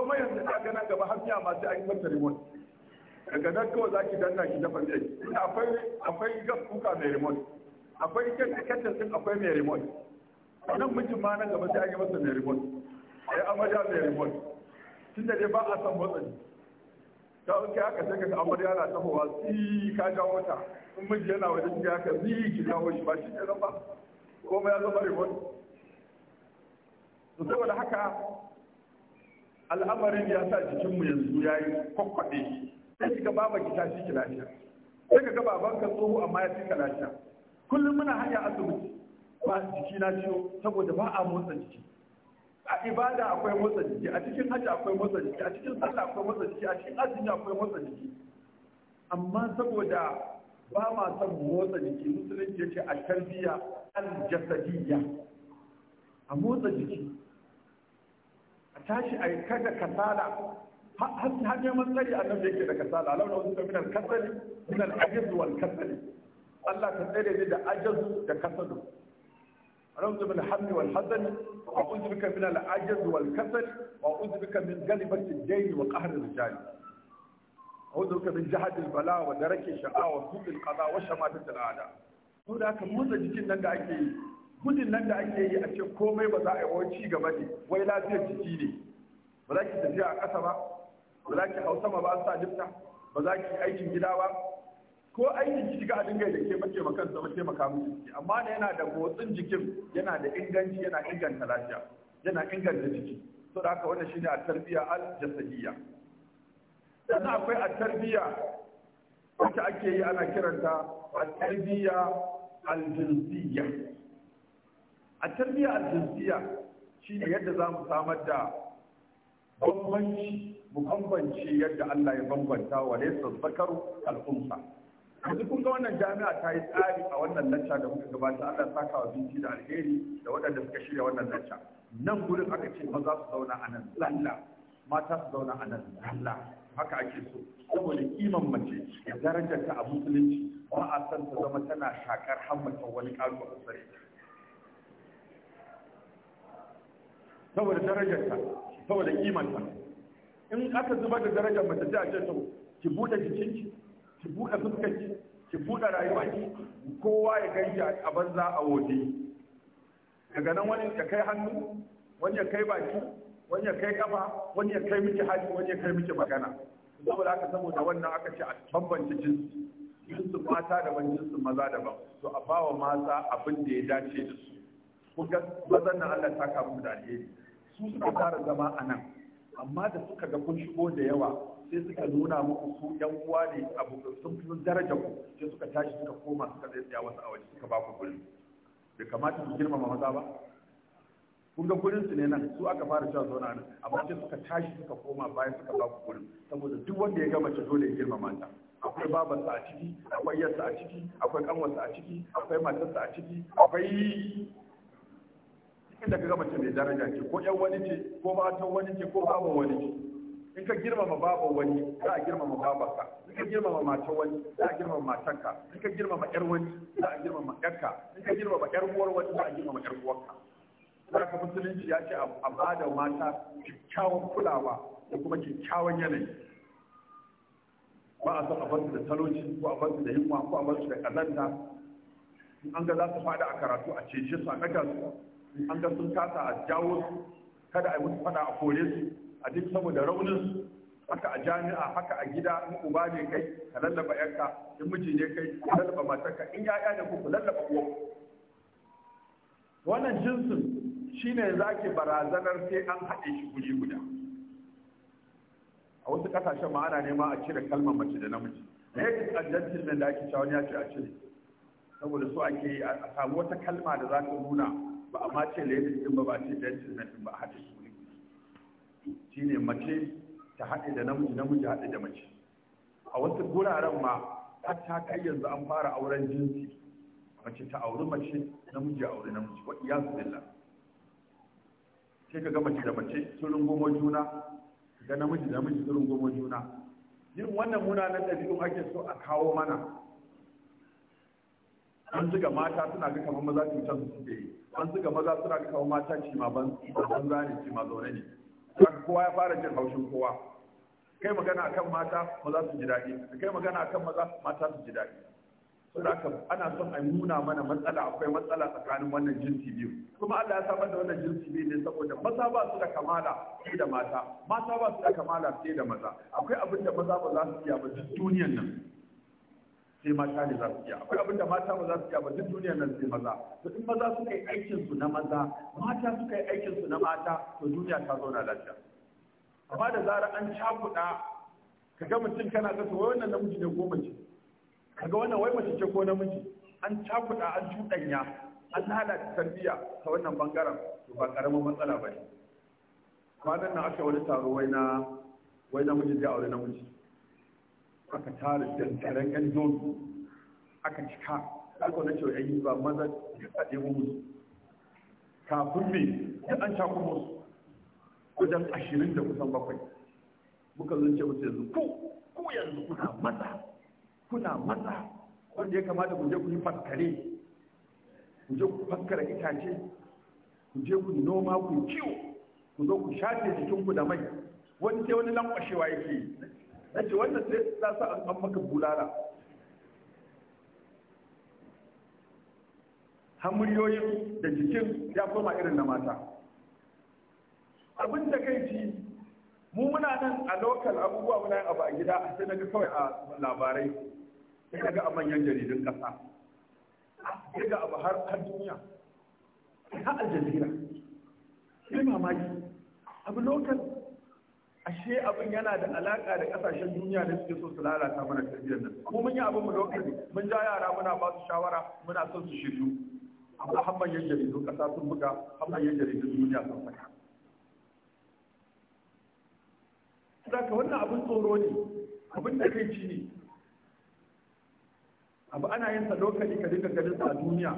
mai yanzu da gana gaba har ya ma sai an yi mata remote daga nan kawai za ki danna ki dafa mai akwai akwai gas kuka mai remote akwai kyakkyakken sun akwai mai remote nan mijin ma nan gaba sai an yi masa mai remote ai amarya mai remote tun da dai ba a san motsa ne ta wuce haka sai kaga amarya na tafowa si ka jawo ta in miji yana wajen ki haka zi ki jawo shi ba shi ne ba komai ya zama remote to saboda haka al'amarin ya sa jikinmu yanzu ya yi kwakwaɗe sai ka ba baki ta shi lafiya sai ka ga baban ka tsoho amma ya cika lafiya kullum muna hanya asibiti ba jiki na ciwo saboda ba a motsa jiki a ibada akwai motsa jiki a cikin hajji akwai motsa jiki a cikin sallah akwai motsa jiki a cikin azumi akwai motsa jiki amma saboda ba ma son motsa jiki musulunci ce a tarbiyya al jasadiyya a motsa jiki a tashi a kada kasala har ne matsayi annabi yake da kasala launa wasu ka minal kasali minal ajizu wal kasali Allah ka tsere ni da ajazu da kasalu رمز من الحمل والحزن وأعوذ بك من العجز والكسل وأعوذ بك من غلبة الدين وقهر الرجال أعوذ بك من جهد البلاء ودرك الشقاء وسوء القضاء وشماتة الأعداء to da haka motsa jikin nan da ake yi gudun nan da ake yi a ce komai ba za a yi wani ci gaba ne wai lafiyar jiki ne ba za ki tafiya a ƙasa ba ba za ki hau sama ba sa lifta ba za ki aikin gida ba ko aikin ki ga abin da ke mace maka sa mace maka miki amma da yana da motsin jikin yana da inganci yana inganta lafiya yana inganta jiki to da haka wannan shine a tarbiya al jasadiyya dan akwai a tarbiya wacce ake yi ana kiranta a tarbiya al jinsiyya a tarbiya al jinsiyya shine yadda za mu samar da bambanci mu bambance yadda Allah ya bambanta wa laysa zakaru al'umma. yanzu kun ga wannan jami'a ta yi tsari a wannan lacca da muka gabata Allah ya saka wa binci da alheri da waɗanda suka shirya wannan lacca nan gurin aka ce za su zauna a nan lalla mata su zauna a nan lalla haka ake so saboda kiman mace ya darajarta a musulunci ba a san ta zama tana shakar hammatan wani ƙaru a saboda darajarta saboda kimanta in aka zubar da darajar mace ta ce to ki buɗe jikinki ki buɗe fuskarki ki buɗe rayuwarki kowa ya ganki a banza a wode daga nan wani ya kai hannu wani ya kai baki wani ya kai kafa wani ya kai miki hali wani ya kai miki magana saboda haka saboda wannan aka ce a bambance jinsi jinsi mata daban jinsi maza daban to a bawa mata abin da ya dace da su Ku ga mazan nan Allah ta kamu da alheri su suka fara zama a nan amma da suka ga kun shigo da yawa sai suka nuna muku su yan uwa ne abu sun fi daraja ku sai suka tashi suka koma suka zai tsaya wasu a waje suka ba ku guri bai kamata su girmama maza ba kun ga gurin su ne nan su aka fara cewa zauna nan amma sai suka tashi suka koma bayan suka ba ku gurin saboda duk wanda ya gama mace dole ya girmama ta akwai babarsa a ciki akwai yarsa a ciki akwai kanwarsa a ciki akwai matarsa a ciki akwai inda ka gama ce mai daraja ce ko yan wani ce ko matan wani ce ko baban wani ce in ka girmama baban wani za a girmama babanka in ka girmama matan wani za a girmama matanka in ka girmama yar wani za a girmama yarka in ka girmama yar uwar wani za a girmama yar uwarka ka musulunci ya ce a bada mata kyakkyawan kulawa da kuma kyakkyawan yanayi ba a son a bansu da talauci ko a bansu da yunwa ko a bansu da kalanta. in an ga za su fada a karatu a shi su a naga su an ga sun kasa a jawo su kada a yi musu fada a kore su a duk saboda raunin haka a jami'a haka a gida in uba ne kai ka lallaba yanka in miji ne kai ka lallaba matarka in ya'ya ne ku lallaba uwa wannan jinsin shine zaki barazanar sai an haɗe shi guri guda a wasu ƙasashen ma'ana ana nema a cire kalmar mace da namiji na yadda aljantin nan da ake cewa ya ce a cire saboda su ake a samu wata kalma da za ta nuna ba a mace laifin din ba ba ce dancing na ba haɗe su ne shi ne mace ta haɗe da namiji namiji haɗe da mace a wasu guraren ma har ta kai yanzu an fara auren jinsi mace ta auri mace namiji auri namiji wa su billah sai ka ga mace da mace sun rungumo juna ga namiji namiji sun rungumo juna yin wannan munanan ɗabi'un ake so a kawo mana an zuga mata suna ga kamar maza cutar su suke yi an zuga maza suna ga kamar mata ce ma ban banza ne ce ma zaune ne kowa ya fara jin haushin kowa kai magana akan mata maza su ji daɗi kai magana akan maza mata su ji daɗi saboda haka ana son a nuna mana matsala akwai matsala tsakanin wannan jinsi biyu kuma Allah ya samar da wannan jinsi biyu ne saboda maza ba su da kamala sai da mata mata ba su da kamala sai da maza akwai abin da maza ba za su iya ba duniyar duniyan nan sai mata ne za su iya akwai abinda mata ba za su iya ba duk duniyar nan sai maza to in maza suka yi aikin su na maza mata suka yi aikin su na mata to duniya ta zauna lafiya amma da zarar an cakuɗa kaga mutum kana ka wai wannan namiji ne ko mace kaga wannan wai mace ce ko namiji an cakuɗa an cuɗanya an lalata tarbiyya ta wannan bangaren to ba karamin matsala ba ne kwanan nan aka wani taro wai na wai namiji zai aure namiji aka tara jantaren yan dole aka cika aka na cewa yayi ba maza a ɗebo musu kafin me da an sha kuma su wajen ashirin da kusan bakwai muka zance musu yanzu ko yanzu kuna maza kuna maza wanda ya kamata ku je ku yi fankare ku je ku fankare itace ku je ku noma ku kiwo ku zo ku shafe jikinku da mai wani sai wani lankwashewa yake yi na ce wannan sai ta sa an an maka bulala hamuriyoyin da jikin ya koma irin na mata abin da kai ci mu muna nan a lokal abubuwa muna yin abu a gida sai na ga kawai a labarai sai na ga a manyan jaridun ƙasa sai ga abu har har duniya har aljazeera sai mamaki abu lokal ashe abin yana da alaka da kasashen duniya da suke so su lalata mana tarbiyyar nan kuma mun yi abin mu dokar mun ja yara muna ba su shawara muna son su shiryu amma hamman yan jaridu kasa sun buga hamman yan jaridu duniya sun saka saka wannan abin tsoro ne abin da kai ci ne abu ana yin sa lokali ka dinga ganin sa a duniya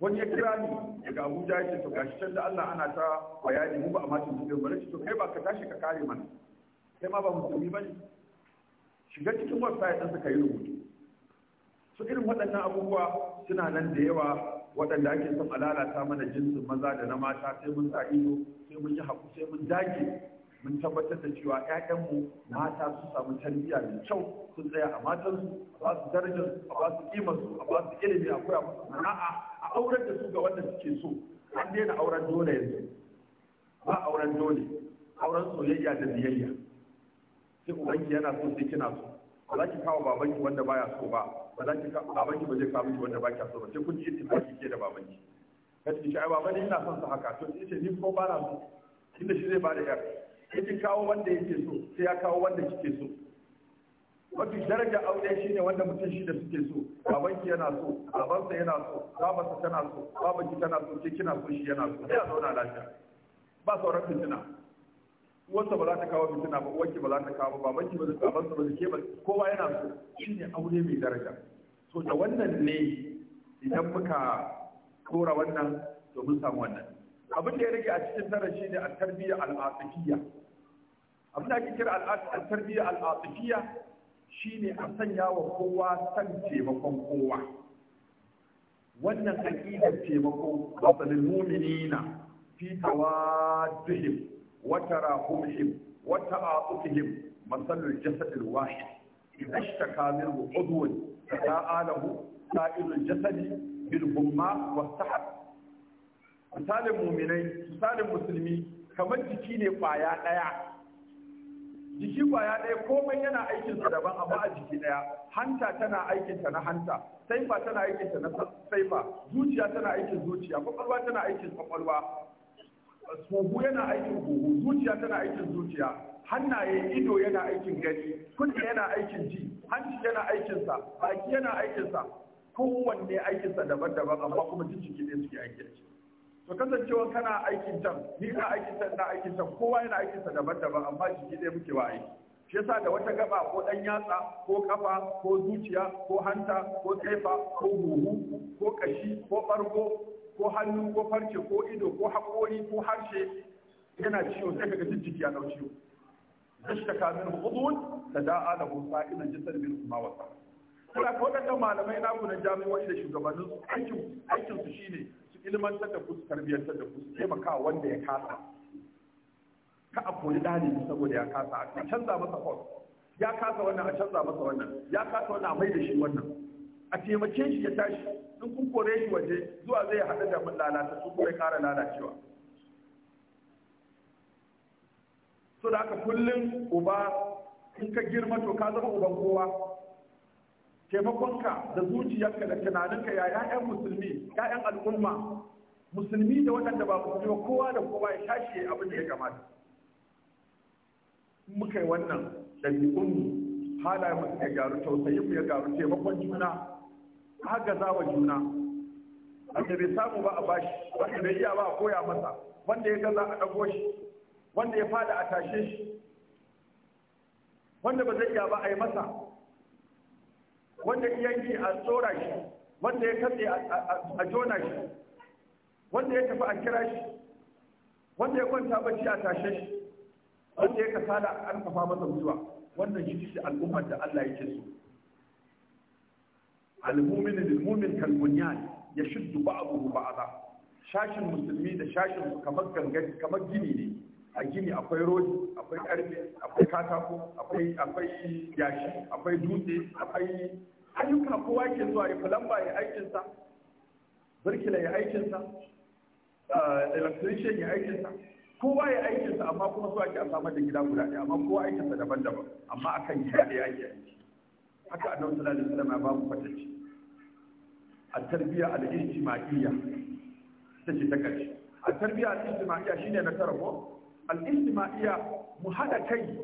wani ya kira ni daga abuja yake to gashi can da allah ana ta bayani mu ba a matan jirgin ba to kai ba ka tashi ka kare mana kai ma ba musulmi ba ne shiga cikin ya ɗan suka yi rubutu su irin waɗannan abubuwa suna nan da yawa waɗanda ake son a lalata mana jinsin maza da na mata sai mun sa ido sai mun yi haku sai mun dage mun tabbatar da cewa ƴaƴanmu mata su samu tarbiyya mai kyau sun tsaya a matansu a ba su a basu su a ba su ilimi akwai a musu sana'a Auren da su ga wanda suke so an daina auren dole yanzu ba auren dole auren soyayya da biyayya sai ubangi yana so sai kina so ba za ki kawo babanki wanda baya so ba ba za ki kawo babanki ba zai kawo miki wanda baki so ba sai kun ji ittifaki ke da babanki kace ki ai baba ne ina son sa haka to sai ce ni ko ba na so da shi zai ba da yar sai ki kawo wanda yake so sai ya kawo wanda kike so mafi daraja aure shine wanda mutum shi da suke so babanki yana so babansa yana so babansa tana so babanki tana so ke kina so shi yana so ya a zauna lafiya ba sauran fitina uwarsa ba za ta kawo fitina ba uwarki ba za ta kawo babanki ba za zai babansa ba za ke ba kowa yana so ne aure mai daraja so da wannan ne idan muka kora wannan domin samu wannan abin da ya rage a cikin tara ne a tarbiyyar al'atifiyya abin da ake kira al'atifiyya Shi ne a sanya wa kowa san taimakon kowa wannan aqidar taimako basalil mu'minina fi tawadduhim wa wata wa ta'atufihim masalul jasadil wahid idza ishtaka minhu udwun fata'alahu sa'ilul jasadi bil humma was sahab misalin mu'minai misalin musulmi kamar jiki ne kwaya ɗaya. jiki kwaya ɗaya komai yana aikinsa daban amma a jiki ɗaya hanta tana aikinta na hanta saifa tana aikinta na saifa zuciya tana aikin zuciya kwakwalwa tana aikin kwakwalwa huhu yana aikin huhu zuciya tana aikin zuciya hannaye ido yana aikin gani kunne yana aikin ji hanci yana aikinsa baki yana aikinsa kowanne aikinsa daban-daban amma kuma jiki ɗaya suke aikin to kasancewa kana aikin can ni ina aikin can na aikin can kowa yana aikin sa daban-daban amma jiki ɗaya muke wa aiki shi yasa da wata gaba ko dan yatsa ko kafa ko zuciya ko hanta ko kaifa ko huhu ko kashi ko bargo ko hannu ko farce ko ido ko haƙori ko harshe yana ciwo sai kaga jin jiki ya dau ciwo tashtaka min hudud tada'a lahu sa'ina jisad min umma wasa ko da malamai na kunan jami'o'i da shugabannin aikinsu aikin aikin su shine ilmantar da kusa, tarbiyyantar da kusa, taimakawa wanda ya kasa ka a koyi ɗalibi saboda ya kasa a canza masa kwan ya kasa wannan a canza masa wannan ya kasa wannan a mai da shi wannan a taimake shi ya tashi in kun kore shi waje zuwa zai haɗa da mun lalata su kuma ya ƙara lalacewa so da haka kullum uba in ka girma to ka zama uban kowa taimakonka da zuciyarka da tunaninka ya ya'yan musulmi ya'yan al'umma musulmi da waɗanda ba ba kowa da kowa ya tashi abin da ya kamata muka yi wannan ɗabi'un halayen mu ya gyaru tausayin mu ya gyaru taimakon juna za wa juna wanda bai samu ba a bashi wanda bai iya ba a koya masa wanda ya gaza a ɗago shi wanda ya fada a tashe shi wanda ba zai iya ba a yi masa wanda iyanki a tsora shi wanda ya katse a jona shi wanda ya tafi a kira shi wanda ya kwanta bacci a tashe shi wanda ya kasala a karfafa masa mutuwa wannan shi ne al'ummar da Allah yake so al-mu'min lil-mu'min kal-bunyan yashuddu ba'dahu ba'dha shashin musulmi da shashin kamar gangan kamar gini ne a gini akwai rodi akwai karfe akwai katako akwai akwai yashi akwai dutse akwai ayyuka kowa ke zuwa ya falamba ya aikinsa birkila ya aikinsa eh, electrician ya aikinsa kowa ya aikinsa amma kuma zuwa ke a samar da gida guda ɗaya amma kowa aikinsa daban-daban amma akan gida ya yi aiki haka annabi sallallahu alaihi wasallam ya babu mu kwatance a tarbiyya al-ijtima'iyya ta ce ta ƙarshe a tarbiyya al-ijtima'iyya shine na tara ko al'ijtima'iyya mu haɗa kai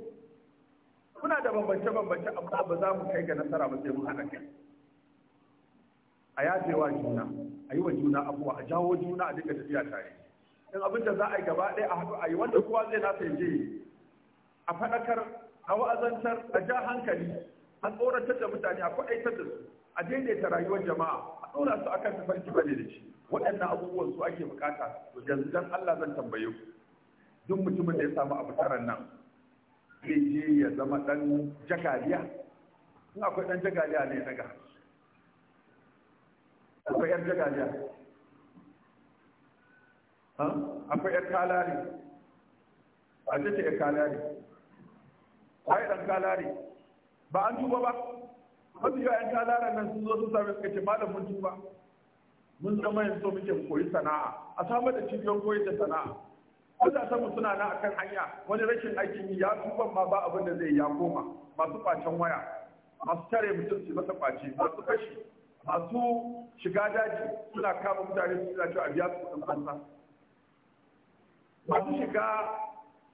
muna da bambance-bambance amma ba za mu kai ga nasara ba sai mu haɗa kai a wa juna a yi wa juna abuwa a jawo juna a duka tafiya tare in abin da za a yi gaba ɗaya a haɗu a yi wanda kowa zai nasa ya je a faɗakar a wa'azantar a ja hankali a tsoratar da mutane a kwaɗaitar da su a daidaita rayuwar jama'a a ɗora su akan tafarki bane da shi waɗannan abubuwan su ake bukata to yanzu dan Allah zan tambaye ku duk mutumin da ya samu abu taran nan zai je ya zama dan jagaliya in akwai dan jagaliya ne daga akwai yar jagaliya akwai yar kalari a ce ce yar kalari kwaye dan kalari ba an tuba ba wasu yi yan kalaran nan sun zo sun sami suka ce malam mun tuba mun zama yanzu muke koyi sana'a a samar da cibiyar koyi da sana'a matasan mu suna a akan hanya wani rashin aikin yi ya tuban ma ba abin da zai ya koma masu kwacen waya masu tare mutum su masa kwace masu kashi masu shiga daji suna kama mutane su suna cewa biya su kudin fansa masu shiga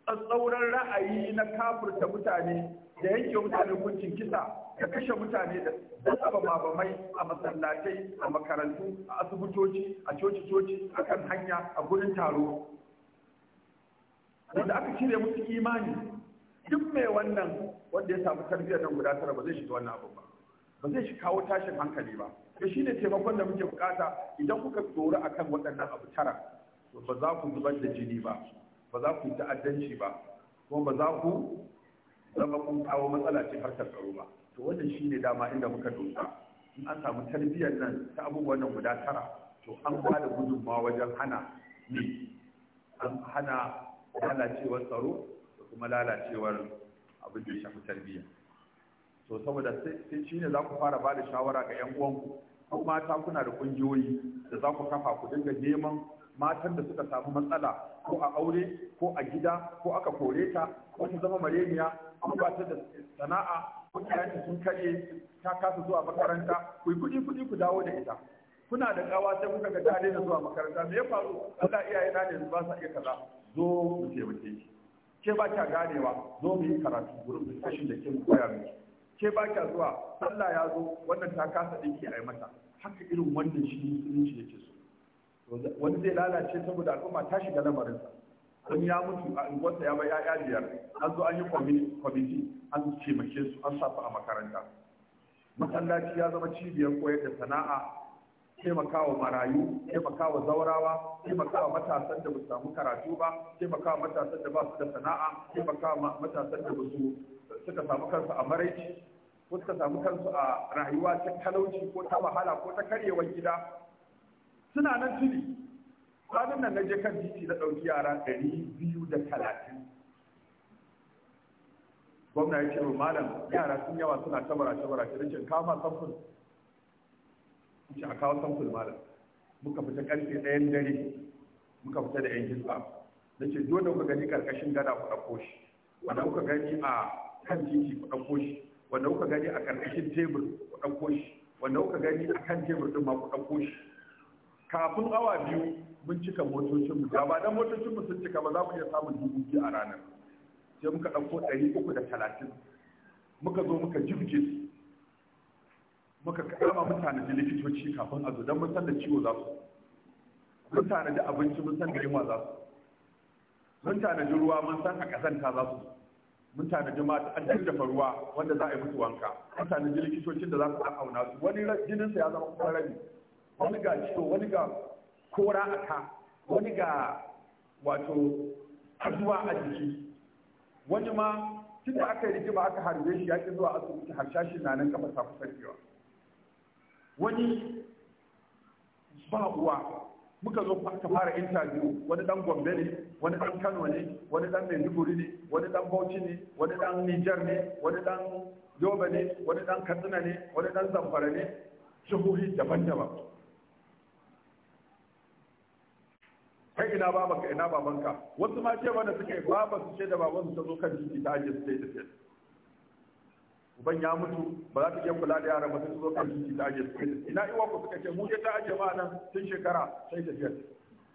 tsatsauran ra'ayi na kafurta mutane da yanke mutane hukuncin kisa da kashe mutane da saba babamai a masallatai a makarantu a asibitoci a coci-coci a kan hanya a gurin taro wanda aka cire musu imani duk mai wannan wanda ya samu tarbiyyar nan guda tara ba zai shiga wannan abu ba ba zai shi kawo tashin hankali ba da shi ne taimakon da muke bukata idan kuka tsoro akan waɗannan abu tara ba za ku zubar da jini ba ba za ku yi ta'addanci ba kuma ba za ku zama kun kawo matsala ce harkar tsaro ba to wannan shi ne dama inda muka dosa in an samu tarbiyyar nan ta abubuwan nan guda tara to an ba da gudunmawa wajen hana ne an hana lalacewar tsaro da kuma lalacewar abin da ya shafi tarbiyya to saboda sai shi ne za ku fara ba da shawara ga 'yan uwanku ko mata kuna da kungiyoyi da za ku kafa ku dinga neman matan da suka samu matsala ko a aure ko a gida ko aka kore ta ko ta zama mareniya ko ba ta da sana'a ko iyayenta sun karye ta kasa zuwa makaranta ku yi kuɗi kuɗi ku dawo da ita kuna da kawa sai kuka ga ta daina zuwa makaranta me ya faru Allah iyaye na ne ba sa iya kaza zo mu taimake ki ke ba kya ganewa zo mu yi karatu gurin discussion da ke mu koya miki ke ba kya zuwa sallah ya zo wannan ta kasa dinki a yi mata haka irin wannan shi musulunci yake so wani zai lalace saboda al'umma ta shiga lamarinsa An ya mutu a unguwarsa ya bai ya'ya biyar an zo an yi kwamiti an taimake su an safa a makaranta masallaci ya zama cibiyar koyar da sana'a taimakawa marayu taimakawa zaurawa taimakawa matasan da ba samu karatu ba taimakawa matasan da ba su da sana'a taimakawa matasan da ba su suka samu kansu a maraici ko suka samu kansu a rayuwa ta talauci ko ta wahala ko ta karyewar gida suna nan tuni kwanan nan na je kan titi na ɗauki yara ɗari biyu da talatin gwamna ya ce malam yara sun yawa suna tabara tabara ta rikin kama samfur shi a kawo samfur malam muka fita karfe ɗayan dare muka fita da yan hisba da ce dole kuka gani karkashin gada ku ɗauko shi wanda kuka gani a kan titi ku ɗauko shi wanda kuka gani a karkashin tebur ku ɗauko shi wanda kuka gani a kan tebur ɗin ma ku ɗauko shi kafin awa biyu mun cika motocinmu da ba dan motocinmu sun cika ba za mu iya samun dubu biyu a ranar sai muka ɗauko ɗari uku da talatin muka zo muka jirgin su muka kama mutane da likitoci kafin a zo don mun san da ciwo za su mutane da abinci mun san da yunwa za su mutane da ruwa mun san a kazanta za su mutane da mata an dafa ruwa wanda za a yi musu wanka mutane da likitocin da za su auna su wani jinin sa ya zama kuma rabi wani ga ciwo wani ga kora a ka wani ga wato azuwa a jiki wani ma tun da aka yi rigima aka harbe shi ya ki zuwa asibiti harshashin na nan kafa ta kusa wani babuwa muka zo ka fara interview wani dan gombe ne wani dan kano ne wani dan maiduguri ne wani dan bauchi ne wani dan niger ne wani dan Yoba ne wani dan katsina ne wani dan zamfara ne jihohi daban-daban kai ina babanka ina babanka wasu ma ce wanda suke su ce da babansu ta zo kan jiki ta ajiye su ta yi tafiya uban ya mutu ba za ta iya kula da yaran ba sai su zo kan titi ta aje ina iwa ku suka ce mu je ta aje ma nan tun shekara sai tafiyar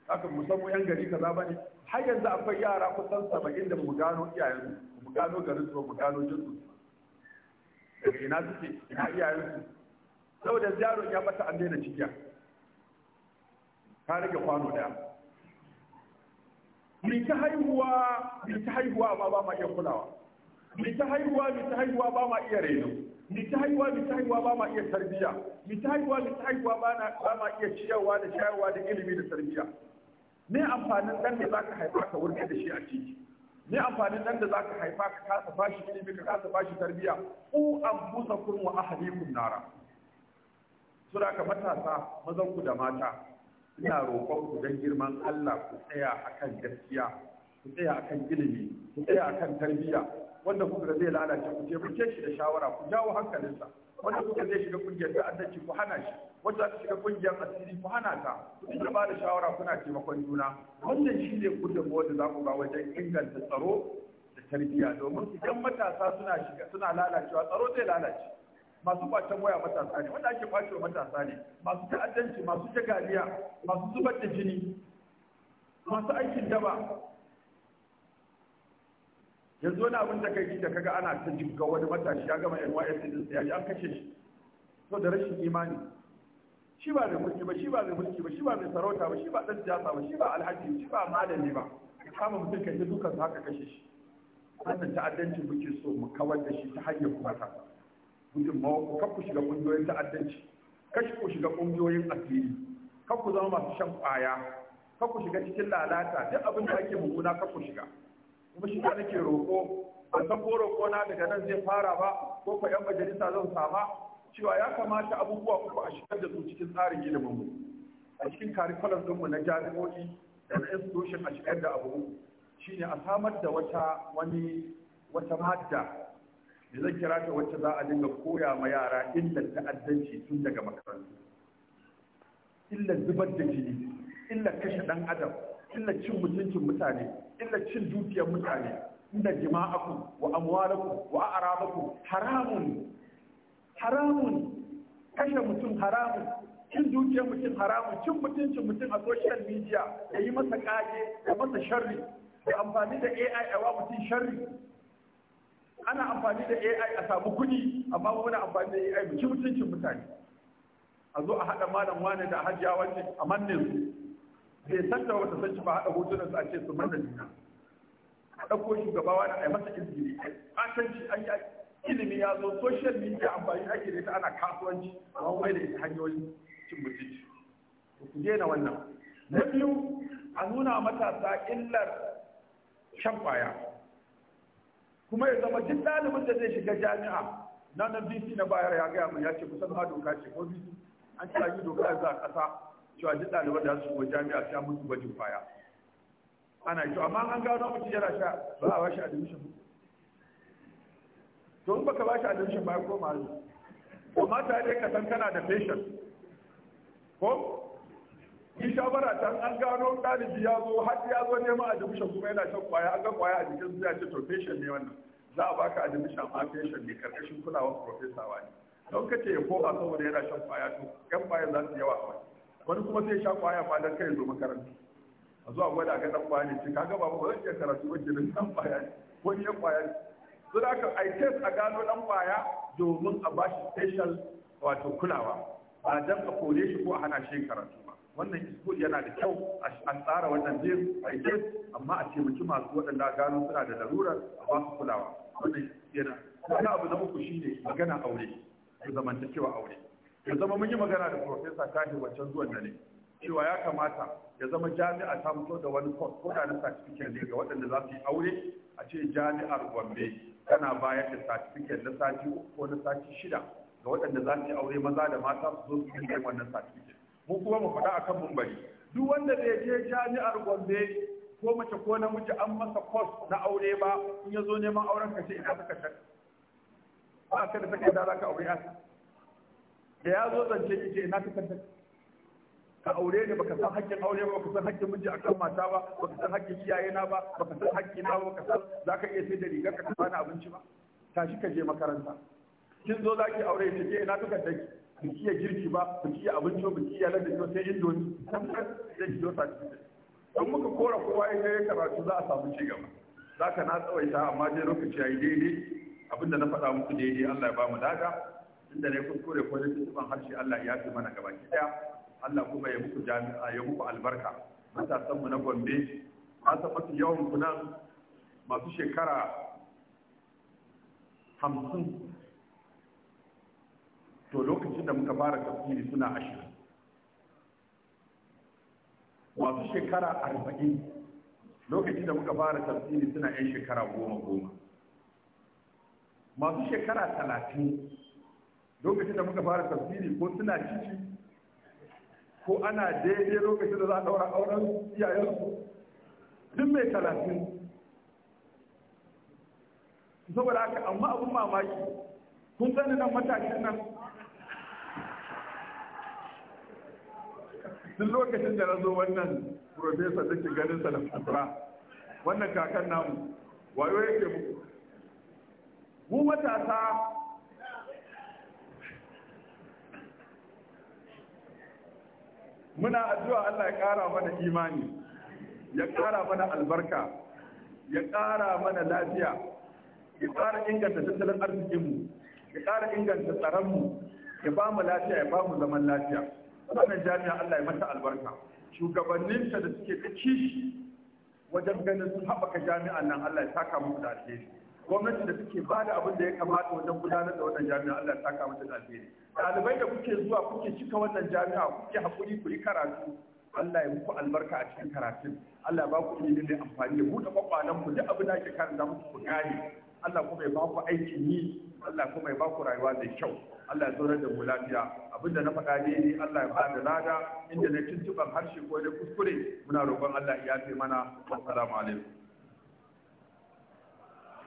haka mu san mu yan gari kaza ne? har yanzu akwai yara kusan saba'in da mu gano iyayensu mu gano garin su mu gano jinsu daga ina suke ina iyayensu saboda yaron ya bata an daina cikiya ka rage kwano daya mai ta haihuwa mai ta haihuwa ba ma iya kulawa mu ta haihuwa mu ta haihuwa ba ma iya reno mu ta haihuwa mu ta haihuwa ba ma iya tarbiyya mu ta haihuwa mu ta haihuwa ba na ba ma iya ciyarwa da shayarwa da ilimi da tarbiyya me amfanin dan da zaka haifa ka wurgar da shi a ciki me amfanin dan da zaka haifa ka kasa bashi ilimi ka kasa bashi tarbiyya an ku anfusakum wa ahlikum nara sura ka matasa mazan ku da mata ina roƙon ku dan girman Allah ku tsaya akan gaskiya ku tsaya akan ilimi ku tsaya akan tarbiyya wanda kuka da zai lalace ku je taimake shi da shawara ku jawo hankalinsa wanda kuka zai shiga kungiyar ta'addanci ku hana shi wanda ta shiga kungiyar asiri ku hana ta ku dinga ba da shawara kuna taimakon juna wannan shi ne gudunmawar da za ku ba wajen inganta tsaro da tarbiyya domin idan matasa suna shiga suna lalacewa tsaro zai lalace masu kwacen waya matasa ne wanda ake kwacewa matasa ne masu ta'addanci masu jagaliya masu zubar da jini masu aikin daba yanzu wani abin da kai da kaga ana ta jibga wani matashi ya gama NYS din sai an kashe shi to da rashin imani shi ba da mulki ba shi ba da mulki ba shi ba mai sarauta ba shi ba dan siyasa ba shi ba alhaji shi ba malami ba ka kama mutum ka yi dukan haka kashe shi wannan ta'addanci muke so mu kawar da shi ta hanyar kuma ta mutum ma ku kakku shiga kungiyoyin ta'addanci kashi ku shiga kungiyoyin asiri kakku zama masu shan kwaya kakku shiga cikin lalata duk abin da ake mummuna kakku shiga kuma shi ta nake roƙo ban san ko roƙo na daga nan zai fara ba ko ko yan majalisa zan sama cewa ya kamata abubuwa uku a shigar da su cikin tsarin ilimin mu a cikin curriculum din mu na jami'o'i da na institution a shigar da abu shine a samar da wata wani wata madda da zan kira ta wacce za a dinga koya ma yara illar ta'addanci tun daga makarantu illar zubar da jini illar kashe dan adam illa cin mutuncin mutane illa cin dukiyar mutane inda jima'akum wa amwalaku wa arabaku haramun haramun kashe mutum haramun cin dukiyar mutum haramun cin mutuncin mutum a social media ya yi masa kage ya masa sharri da amfani da AI a wa mutum sharri ana amfani da AI a samu kuɗi amma wani amfani da AI mu ci mutuncin mutane a zo a haɗa malam wane da hajjawa wance a manne su bai san da wata sanci ba haɗa hotunan su a ce su manna juna a ɗauko shugabawa na a masa izini a san shi an yi ilimi ya zo social media amfani ake da ita ana kasuwanci a wani da ita hanyoyin cin mutunci ku daina wannan na biyu a nuna matasa illar shan kwaya kuma ya zama jin ɗalibin da zai shiga jami'a na na bc na bayar ya gaya mun ya ce kusan ha doka ce ko bc an ci doka za a ƙasa cewa duk ɗaliban da su ko jami'a sai mutu gwajin kwaya ana cewa amma an gano mutu yana sha ba a bashi admission to in baka bashi admission ba ko koma ne ma ta dai ka san kana da patient ko in shawara ta an gano ɗalibi ya zo har ya zo neman admission kuma yana shan kwaya an ga kwaya a jikin zuwa ce to patient ne wannan za a baka admission ma patient ne karkashin kulawar professor wani don kace ya koma saboda yana shan kwaya to ƴan bayan za su yawa a wani wani kuma sai sha kwaya ba dan kai zo makaranta a zuwa gwada ga dan kwaya ne ce kaga ba ba zan karatu ba ne dan baya kwaya ne ko ni yan kwaya ne da ai test a gano dan baya domin a bashi special wato kulawa A dan a kore shi ko a hana shi karatu ba wannan school yana da kyau a tsara wannan biyu ai test amma a taimaki masu waɗanda gano suna da larurar a ba su kulawa wannan yana wani abu na uku shine magana aure zamantakewa aure ya zama mun yi magana da profesa kashi wancan zuwan da ne cewa ya kamata ya zama jami'a ta mutu da wani kwas ko da na satifiken ne ga waɗanda za su yi aure a ce jami'ar gombe tana bayar da satifiken na sati uku ko na sati shida ga waɗanda za su yi aure maza da mata su zo su yi wannan satifiken mu kuma mu faɗa akan mumbari duk wanda bai je jami'ar gombe ko mace ko namiji an masa kwas na aure ba in ya zo neman auren ka ce ina suka ta ba ka da take da za ka aure ya da ya zo zance ki ce ina ka kanta ka aure ne baka san hakkin aure ba baka san hakkin miji akan mata ba baka san hakkin iyaye na ba baka san haƙƙi na ba baka san zaka iya sai da riga ka ka bani abinci ba tashi ka je makaranta kin zo zaki aure eh, ki ce ina ka kanta ki ki girki ba ki iya abinci ba ki iya ladabi ki sai indomi san kan da ki dota ki don muka kora kowa ya yi karatu za a samu ci gaba za ka na tsawaita amma dai lokaci ya yi daidai abinda na faɗa muku daidai Allah ya ba mu daga inda ne kuskure ko ne ban harshe Allah ya fi mana ki daya Allah kuma ya muku jami'a ya muku albarka matasan mu na Gombe Masu mafi yawan ku masu shekara hamsin to lokacin da muka fara tafsiri suna ashirin masu shekara arba'in lokacin da muka fara tafsiri suna yan shekara goma goma masu shekara talatin lokacin da muka fara tafsiri ko suna ciki ko ana daidai lokacin da za a daura auren iyayensu duk mai talatin saboda haka amma abin mamaki kun sani nan matashin nan duk lokacin da na zo wannan profesa da ke ganin sa da fatura, wannan kakan namu wayo yake muku mu matasa muna addu'a Allah ya ƙara mana imani ya ƙara mana albarka ya ƙara mana lafiya ya ƙara inganta tattalin arzikinmu ya ƙara inganta tsaronmu ya ba mu lafiya ya ba mu zaman lafiya wannan jami'a Allah ya mata albarka shugabanninta da suke ta wajen ganin sun haɓaka jami'an nan Allah ya saka muku da alheri Gwamnati da suke ba da abin da ya kamata wajen gudanar da wannan jami'a Allah ta kama ta alheri Dalibai da kuke zuwa kuke cika wannan jami'a kuke haƙuri ku yi karatu Allah ya muku albarka a cikin karatun Allah ba ku ilimin da amfani ya buɗe kwakwalen ku duk abin da ake karanta muku ku gane Allah kuma ya ba ku aikin yi Allah kuma ya ba ku rayuwa da kyau Allah ya zaunar da mu lafiya da na faɗa ne ne Allah ya ba da lada inda na tuntuɓar harshe ko da kuskure muna roƙon Allah ya yafe mana assalamu alaikum